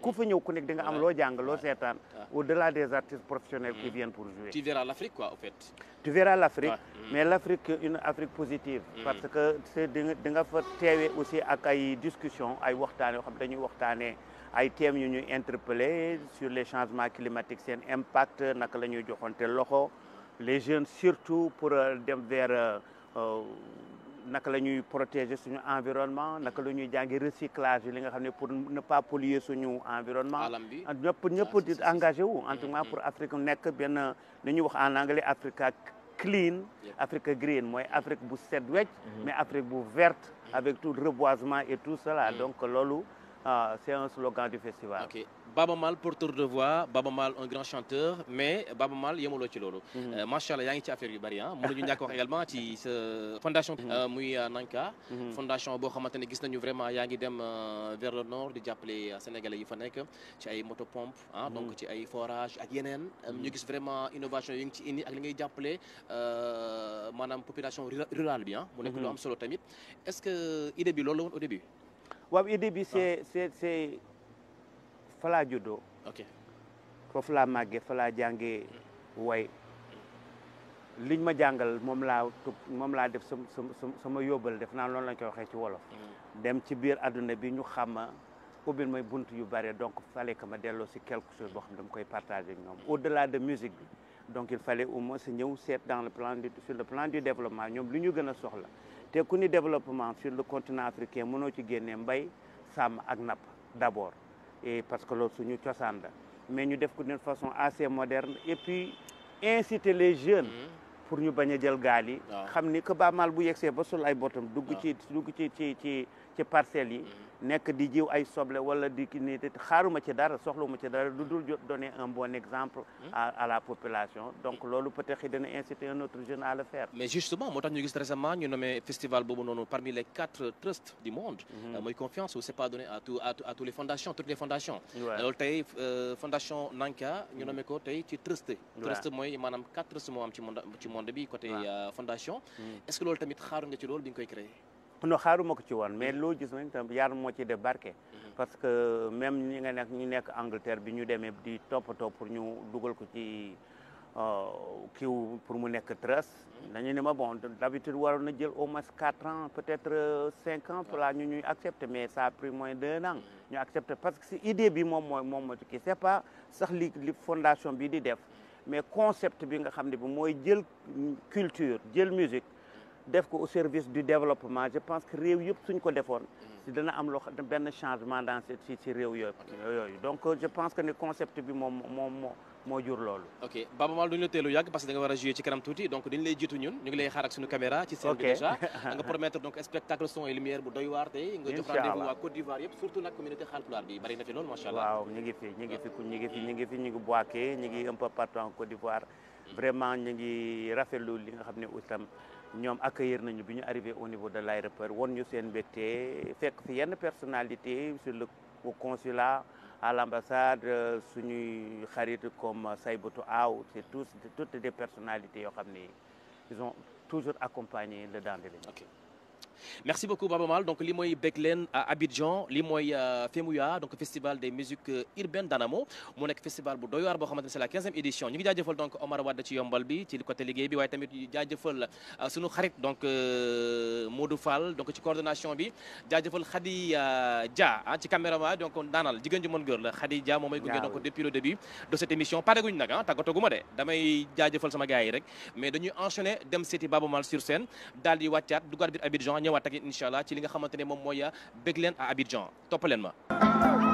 ku fa ñew ku nek di nga am lo jàng lo sétane au delà des artistes professionnels qui mm. viennent pour jouer tu verras l'Afrique quoi en fait tu verras l'Afrique mm. mais l'Afrique une Afrique positive mm. parce que c'est di nga fa téwé aussi ak ay discussion ay waxtane yoo xam dañuy waxtane ITM ñu ñu interpellé sur les changements climatiques un impact nous avons ñuy loxo les jeunes surtout pour euh, dem vers euh, euh, protéger suñu environnement nak la recyclage li nga ne pour ne pas polluer suñu environnement ñëpp ñëpp di engagé wu en tout mm-hmm. pour Afrique nekk benn li ñuy wax en anglais Africa clean Africa green mooy Afrique bu set wecc mm-hmm. mais Afrique bu verte mm-hmm. avec tout reboisement et tout cela donc loolu ah, c'est un slogan du festival. Okay. Baba Mal, porteur de voix, Baba Mal, un grand chanteur, mais Baba Mal, il mhm. euh, y ah. a un Machallah, il y a une affaire qui moi Nous sommes d'accord également avec la fondation Mouya mhm. euh, euh, Nanka, mhm. fondation Bohamatane Gisna, nous vraiment yangi dem vers le nord, déjà appelé Sénégalais Yufanek, qui a une motopompe, ah. donc qui a une forage, à Yenen. Nous avons vraiment innovation, qui a une appelé madame population rurale bien. Ah. Est-ce que l'idée est au début? waaw idée bi ah. c'est c'est c'est fa laa juddoo ok foofu laa màggee fa jàngee way liñ ma jàngal moom laa tub moom laa def sama sama sama yóbbal def naa loolu lañ koy waxee ci wolof mm. dem ci biir àdduna bi ñu xama ubbil may bunt yu bare donc fallait que ma delloo si quelque chose boo xam dama koy partager ñoom au delà de musique bi donc il fallait au moins ñëw seet dans le plan du sur le plan du développement ñoom li ñu gën a soxla Le développement sur le continent africain nous ci génnee mbay Sam d'abord et parce que nous suñu mais nous devons d'une façon assez moderne et puis inciter les jeunes mm-hmm. pour nous bañ ah. que nek di jiw ay soble wala di ki ni xaruma ci dara soxluma ci dara dudul dul donner un bon exemple hmm? à la population donc hmm? lolu peut-être dina inciter un autre jeune à le faire mais justement motax ñu gis récemment ñu nommé festival bobu noonu parmi les quatre trusts du monde moy hmm. euh, confiance où c'est pas donné à tout à à tous les fondations toutes les fondations loolu tey euh, fondation Nanka ñu nommé ko tay ci trust trust moy manam quatre trust mo am ci monde ci monde bi côté euh, fondation est-ce que lolu tamit xaaru nga ci lolu bi ngui koy créer xaaruma ko ci mais gis ci mhm. parce que même ñi nga nekk ñu Angleterre bi ñu di pour nous, ko ci euh, pour mu mhm. dañu d'habitude na jël au moins quatre ans peut-être 5 euh, ans pour la ñu ñuy mais ça a pris moins d'un an mhm. ñu accepter parce que si idée bi pas sax fondation bi di mais concept bi nga culture jël musique au service du développement je pense que réew yop suñ ko dana am changement dans cette donc euh, je pense que le concept bi mom ok Baba parce que da nga jouer ci kanam donc diñ lay jitu ñun ñu ngi lay xaar caméra ci scène déjà promettre donc spectacle son et lumière bu doy war nga rendez-vous Côte d'Ivoire surtout la communauté bari na fi ngi fi ngi fi un peu partout en Côte d'Ivoire mm. vraiment ngi li nga ñom accueillir nañu biñu arrivé au niveau de l'aéroport won ñu seen bété fekk fi yenn personnalité sur le au consulat à l'ambassade suñu xarit comme Saïboto Aw c'est toutes des personnalités qui ils ont toujours accompagné le Dande merci beaucoup Baboumal. donc li Beklen à euh, Abidjan li mooy euh, FEMUYA donc festival des musiques euh, urbaines d'Anamo mu festival bu doy waar boo c'est la quinzième édition ñu ngi jaajëfal donc Omar Wade ci yombal bi ci côté liggéey bi waaye tamit jaajëfal xarit donc Modou Fall donc ci coordination bi jaajëfal Khady Dia ah, ci caméraman donc daanal jigéen ju mon góor la Khady Dia moom donc depuis le début de cette émission pareguñ nag ah tàggataguma de damay jaajëfal sama gars rek mais dañuy enchaîner dem seeti Baboumal sur scène daal di wàccaat duggaat Abidjan ñëwaat ak yéen incha allah ci li nga xamante ne moom mooy euh, bëgg leen à Abidjan topp leen ma.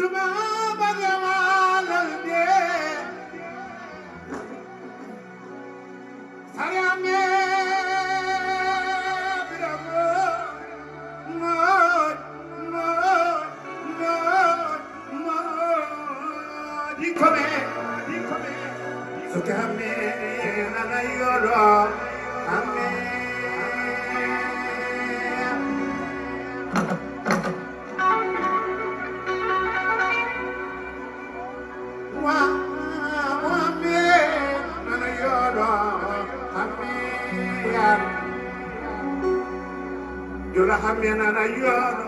Look you la jamiana la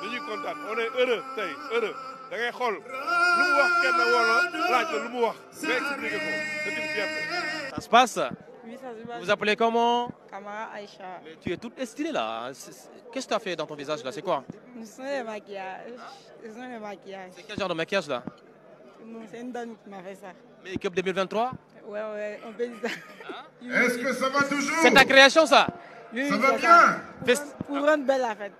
dañuy kontaan on est heureux t'es heureux da ngay xool lu mu wax kenn wala laaj la lu mu wax ça se passe. oui vous appelez comment. Kamara Aïcha. mais tu es toute stylée là. Hein. qu'est-ce que tu as fait dans ton visage là c'est quoi. c'est le maquillage. c'est le maquillage. c'est quel genre de maquillage là. c'est une dame qui m'a fait ça. Make up 2023. Ouais, ouais, on peut ça. Est-ce que ça va toujours. c'est ta création ça. Oui, ça va bien. Pour, pour une belle affaire.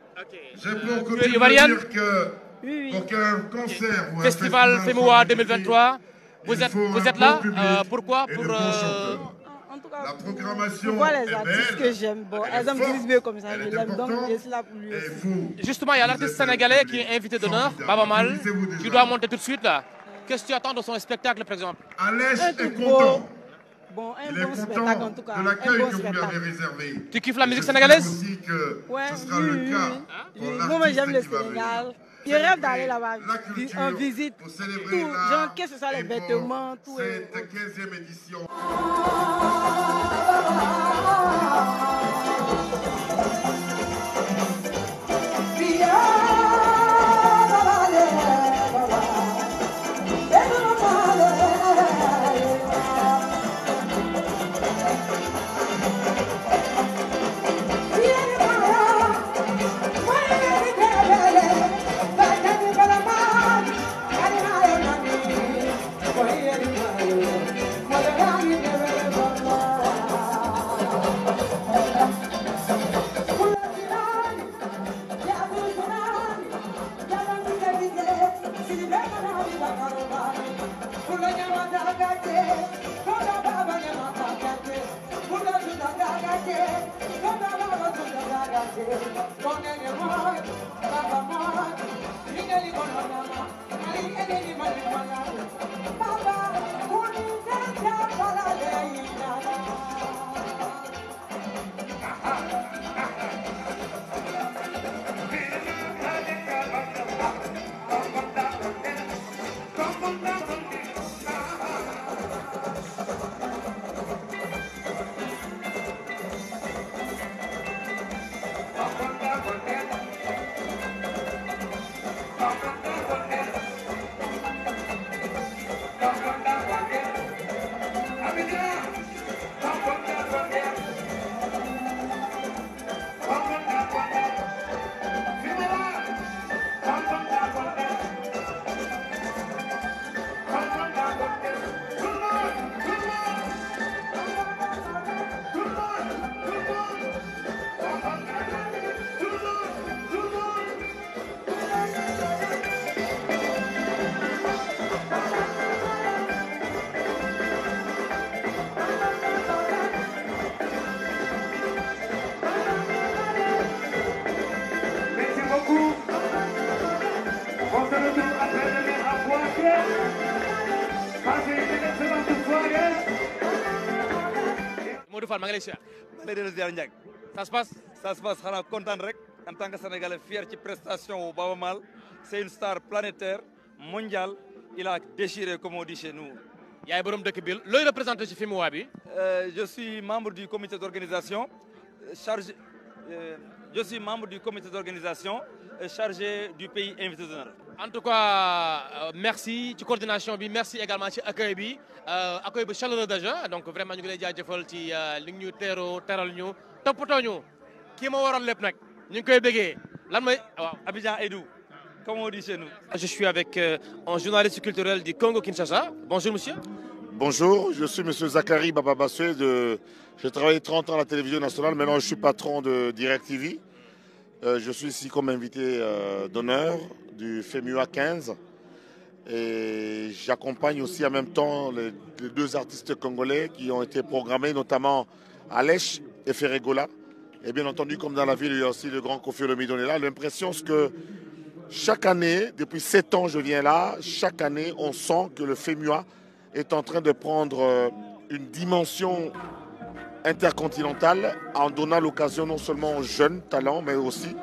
Je peux que dire que oui, oui. pour qu'un concert ou un festival, festival FEMOA 2023, vous êtes, vous êtes là euh, Pourquoi Pour euh, en, tout cas, la programmation pour les artistes que j'aime bon, Elles aiment comme ça, je l'aime donc je suis là pour lui Justement, il y a l'artiste sénégalais qui est invité d'honneur, pas Mal, qui doit monter tout de suite là. Qu'est-ce que tu attends de son spectacle par exemple Alès est content. Bon, un Il bon est en tout cas, de l'accueil que vous lui avez réservé. Tu kiffes la musique sénégalaise ouais, oui, le cas oui. Moi, j'aime le Sénégal. Je rêve d'aller là-bas en visite. Pour célébrer tout, genre, qu'est-ce que ça, les vêtements, C'est euh, la 15e édition. Oh. Thank you. maa ngi lay ça se passe. ça se passe xanaa kontaan rek en tant que sénégalais fier ci prestation au Baba mal, c'est une star planétaire mondiale il a déchiré comme on dit chez nous. yaay borom dëkk bi looy de ci FIMOA bi. Euh, je suis membre du comité d'organisation euh, chargé euh, je suis membre du comité d'organisation chargé du pays invité d'honneur en tout cas euh, merci ci coordination bi merci également ci accueil bi euh, accueil de chaleureux déjà donc vraiment nous voulons lay jaajëfal ci euh, li nous teeroo teral ñu toppatoo ñu kii moo waral lépp nag ñu ngi koy bëggee lan mooy waaw Abidjan Edou, Comment on dit chez nous. Je suis avec un journaliste culturel du Congo Kinshasa bonjour monsieur. Bonjour, je suis monsieur Zachary Bababassé de j'ai travaillé 30 ans à la télévision nationale maintenant je suis patron de Direct TV. Euh, je suis ici comme invité d'honneur du FEMUA 15. Et j'accompagne aussi en même temps les, deux artistes congolais qui ont été programmés, notamment Alech et Ferregola. Et bien entendu, comme dans la ville, il y a aussi le grand Kofi là, L'impression, c'est que chaque année, depuis sept ans, je viens là, chaque année, on sent que le FEMUA est en train de prendre euh, une dimension intercontinentale en donnant l'occasion non seulement aux jeunes talents, mais aussi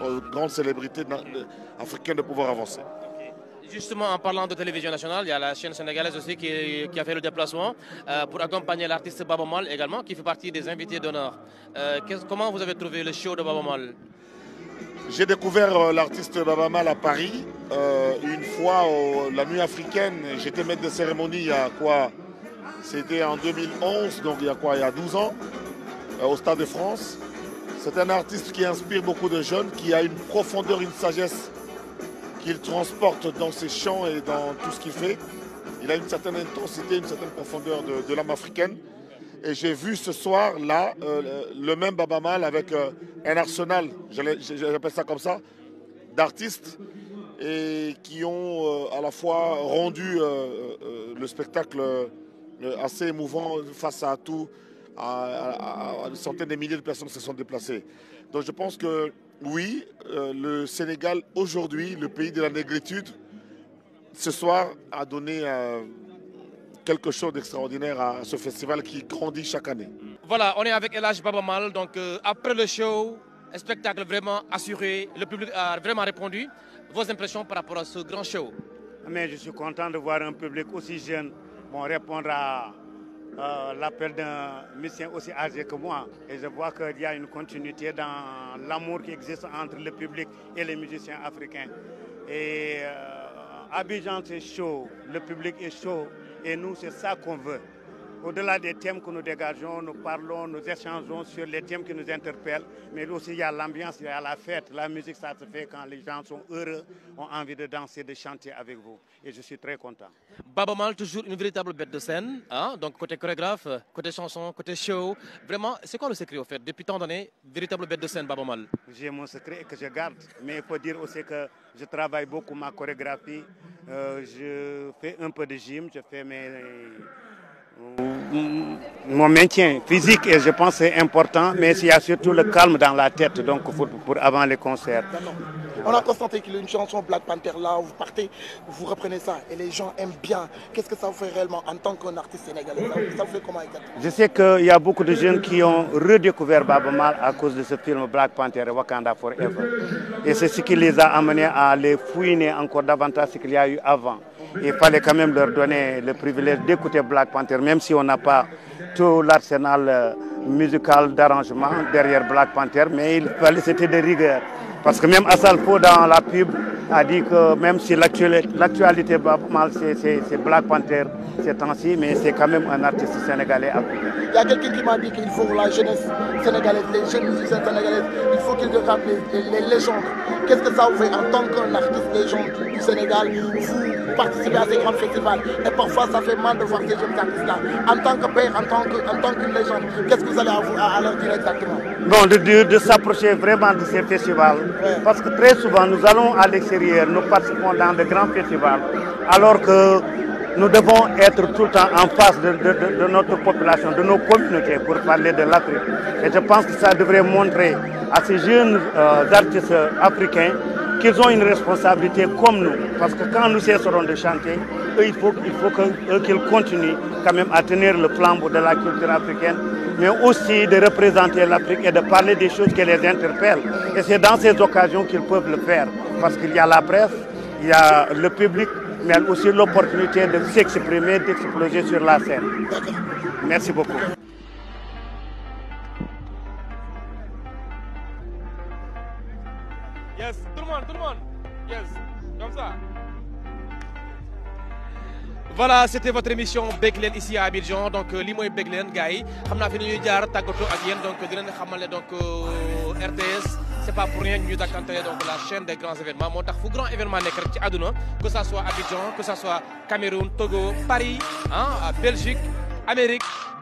aux grandes célébrités africaines de pouvoir avancer. Justement, en parlant de télévision nationale, il y a la chaîne sénégalaise aussi qui, a fait le déplacement euh, pour accompagner l'artiste Babamal également, qui fait partie des invités d'honneur. Euh, comment vous avez trouvé le show de Babamal J'ai découvert euh, l'artiste Babamal à Paris une fois la nuit africaine. J'étais maître de cérémonie il y a quoi C'était en 2011, donc il y a quoi Il y a 12 ans, au Stade de France. C'est un artiste qui inspire beaucoup de jeunes, qui a une profondeur, une sagesse qu'il transporte dans ses chants et dans tout ce qu'il fait. Il a une certaine intensité, une certaine profondeur de, l'âme africaine. Et j'ai vu ce soir, là, euh, le même Baba Mal avec euh, un arsenal, j'appelle ça comme ça, d'artistes et qui ont euh, à la fois rendu le spectacle assez émouvant face à tout, à, à, centaines de milliers de personnes se sont déplacées. Donc je pense que oui, euh, le Sénégal aujourd'hui, le pays de la négritude, ce soir a donné euh, quelque chose d'extraordinaire à ce festival qui grandit chaque année. Voilà, on est avec Elage Babamal. Donc euh, après le show, un spectacle vraiment assuré, le public a vraiment répondu. Vos impressions par rapport à ce grand show Mais je suis content de voir un public aussi jeune répondre à euh, l'appel d'un musicien aussi âgé que moi. Et je vois qu'il y a une continuité dans l'amour qui existe entre le public et les musiciens africains. Et euh, Abidjan, c'est chaud, le public est chaud, et nous, c'est ça qu'on veut. Au-delà des thèmes que nous dégageons, nous parlons, nous échangeons sur les thèmes qui nous interpellent, mais aussi il y a l'ambiance, il y a la fête. La musique, ça se fait quand les gens sont heureux, ont envie de danser, de chanter avec vous. Et je suis très content. mal toujours une véritable bête de scène, hein, donc côté chorégraphe, côté chanson, côté show. Vraiment, c'est quoi le secret au fait Depuis tant d'années, véritable bête de scène, Babamal J'ai mon secret que je garde, mais il faut dire aussi que je travaille beaucoup ma chorégraphie. Euh, je fais un peu de gym, je fais mes mon maintien physique et je pense c'est important, mais il y a surtout le calme dans la tête donc pour, avant les concerts. On a constaté qu'il y a une chanson Black Panther là, où vous partez, vous reprenez ça et les gens aiment bien. Qu'est-ce que ça vous fait réellement en tant qu'artiste sénégalais ça, fait comment Je sais qu'il y a beaucoup de jeunes qui ont redécouvert Babamal à cause de ce film Black Panther et Wakanda Forever. Et c'est ce qui les a amenés à les fouiner encore davantage ce qu'il y a eu avant il fallait quand même leur donner le privilège d'écouter Black Panther, même si on n'a pas tout l'arsenal euh, musical d'arrangement derrière Black Panther, mais il fallait, c'était des rigueur. Parce que même Assalfo dans la pub a dit que même si l'actualité va mal, c'est Black Panther ces temps-ci, mais c'est quand même un artiste sénégalais Il y a quelqu'un qui m'a dit qu'il faut la jeunesse sénégalaise, les jeunes musiciens sénégalais, il faut qu'ils rappellent les, légendes. Qu'est-ce que ça vous fait en tant qu'un artiste légende du Sénégal participer à ces grands festivals. Et parfois, ça fait mal de voir ces jeunes artistes-là. En tant que père, en tant qu'une que légende, qu'est-ce que vous allez à, à leur dire exactement Non, de, de, s'approcher vraiment de ces festivals. Parce que très souvent, nous allons à l'extérieur, nous participons dans des grands festivals, alors que nous devons être tout le temps en face de, de, notre population, de nos communautés, pour parler de l'Afrique. Et je pense que ça devrait montrer à ces jeunes euh, artistes africains qu'ils ont une responsabilité comme nous. Parce que quand nous cesserons de chanter, il faut, qu'ils continuent quand même à tenir le flambeau de la culture africaine, mais aussi de représenter l'Afrique et de parler des choses qui les interpellent. Et c'est dans ces occasions qu'ils peuvent le faire. Parce qu'il y a la presse, il y a le public, mais aussi l'opportunité de s'exprimer, d'exploser sur la scène. Merci beaucoup le monde, tout le monde. Yes, comme ça. voilà c'était votre émission Beglen, ici à Abidjan donc euh, Limoy Beglen, beglen Leen gars yi xam naa fi nañuy jaar donc nous. leen donc euh, RTS c'est pas pour rien que nous donc la chaîne des grands événements moo tax grand événement événements rek ci àdduna que ce soit Abidjan que ce soit Cameroun Togo Paris hein, à Belgique Amérique.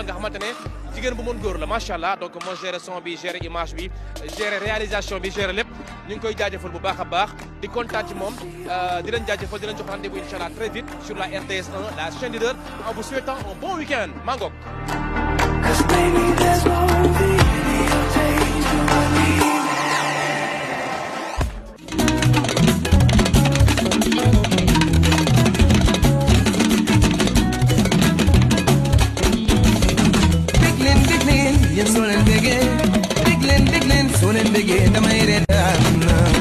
la nga xamante ne jigéen bu mën góor la macha allah donc moo géré son bi géré image bi géré réalisation bi géré lépp ñu ngi koy jaajëfal bu baax a baax di kontaan ci moom euh, di leen jaajëfal di leen jox rendez-vous incha très vite sur la RTS 1 la chaîne leader en vous souhaitant un bon week-end maa yéen soo leen déggee dégg leen dégg leen soo leen déggee damay reetaan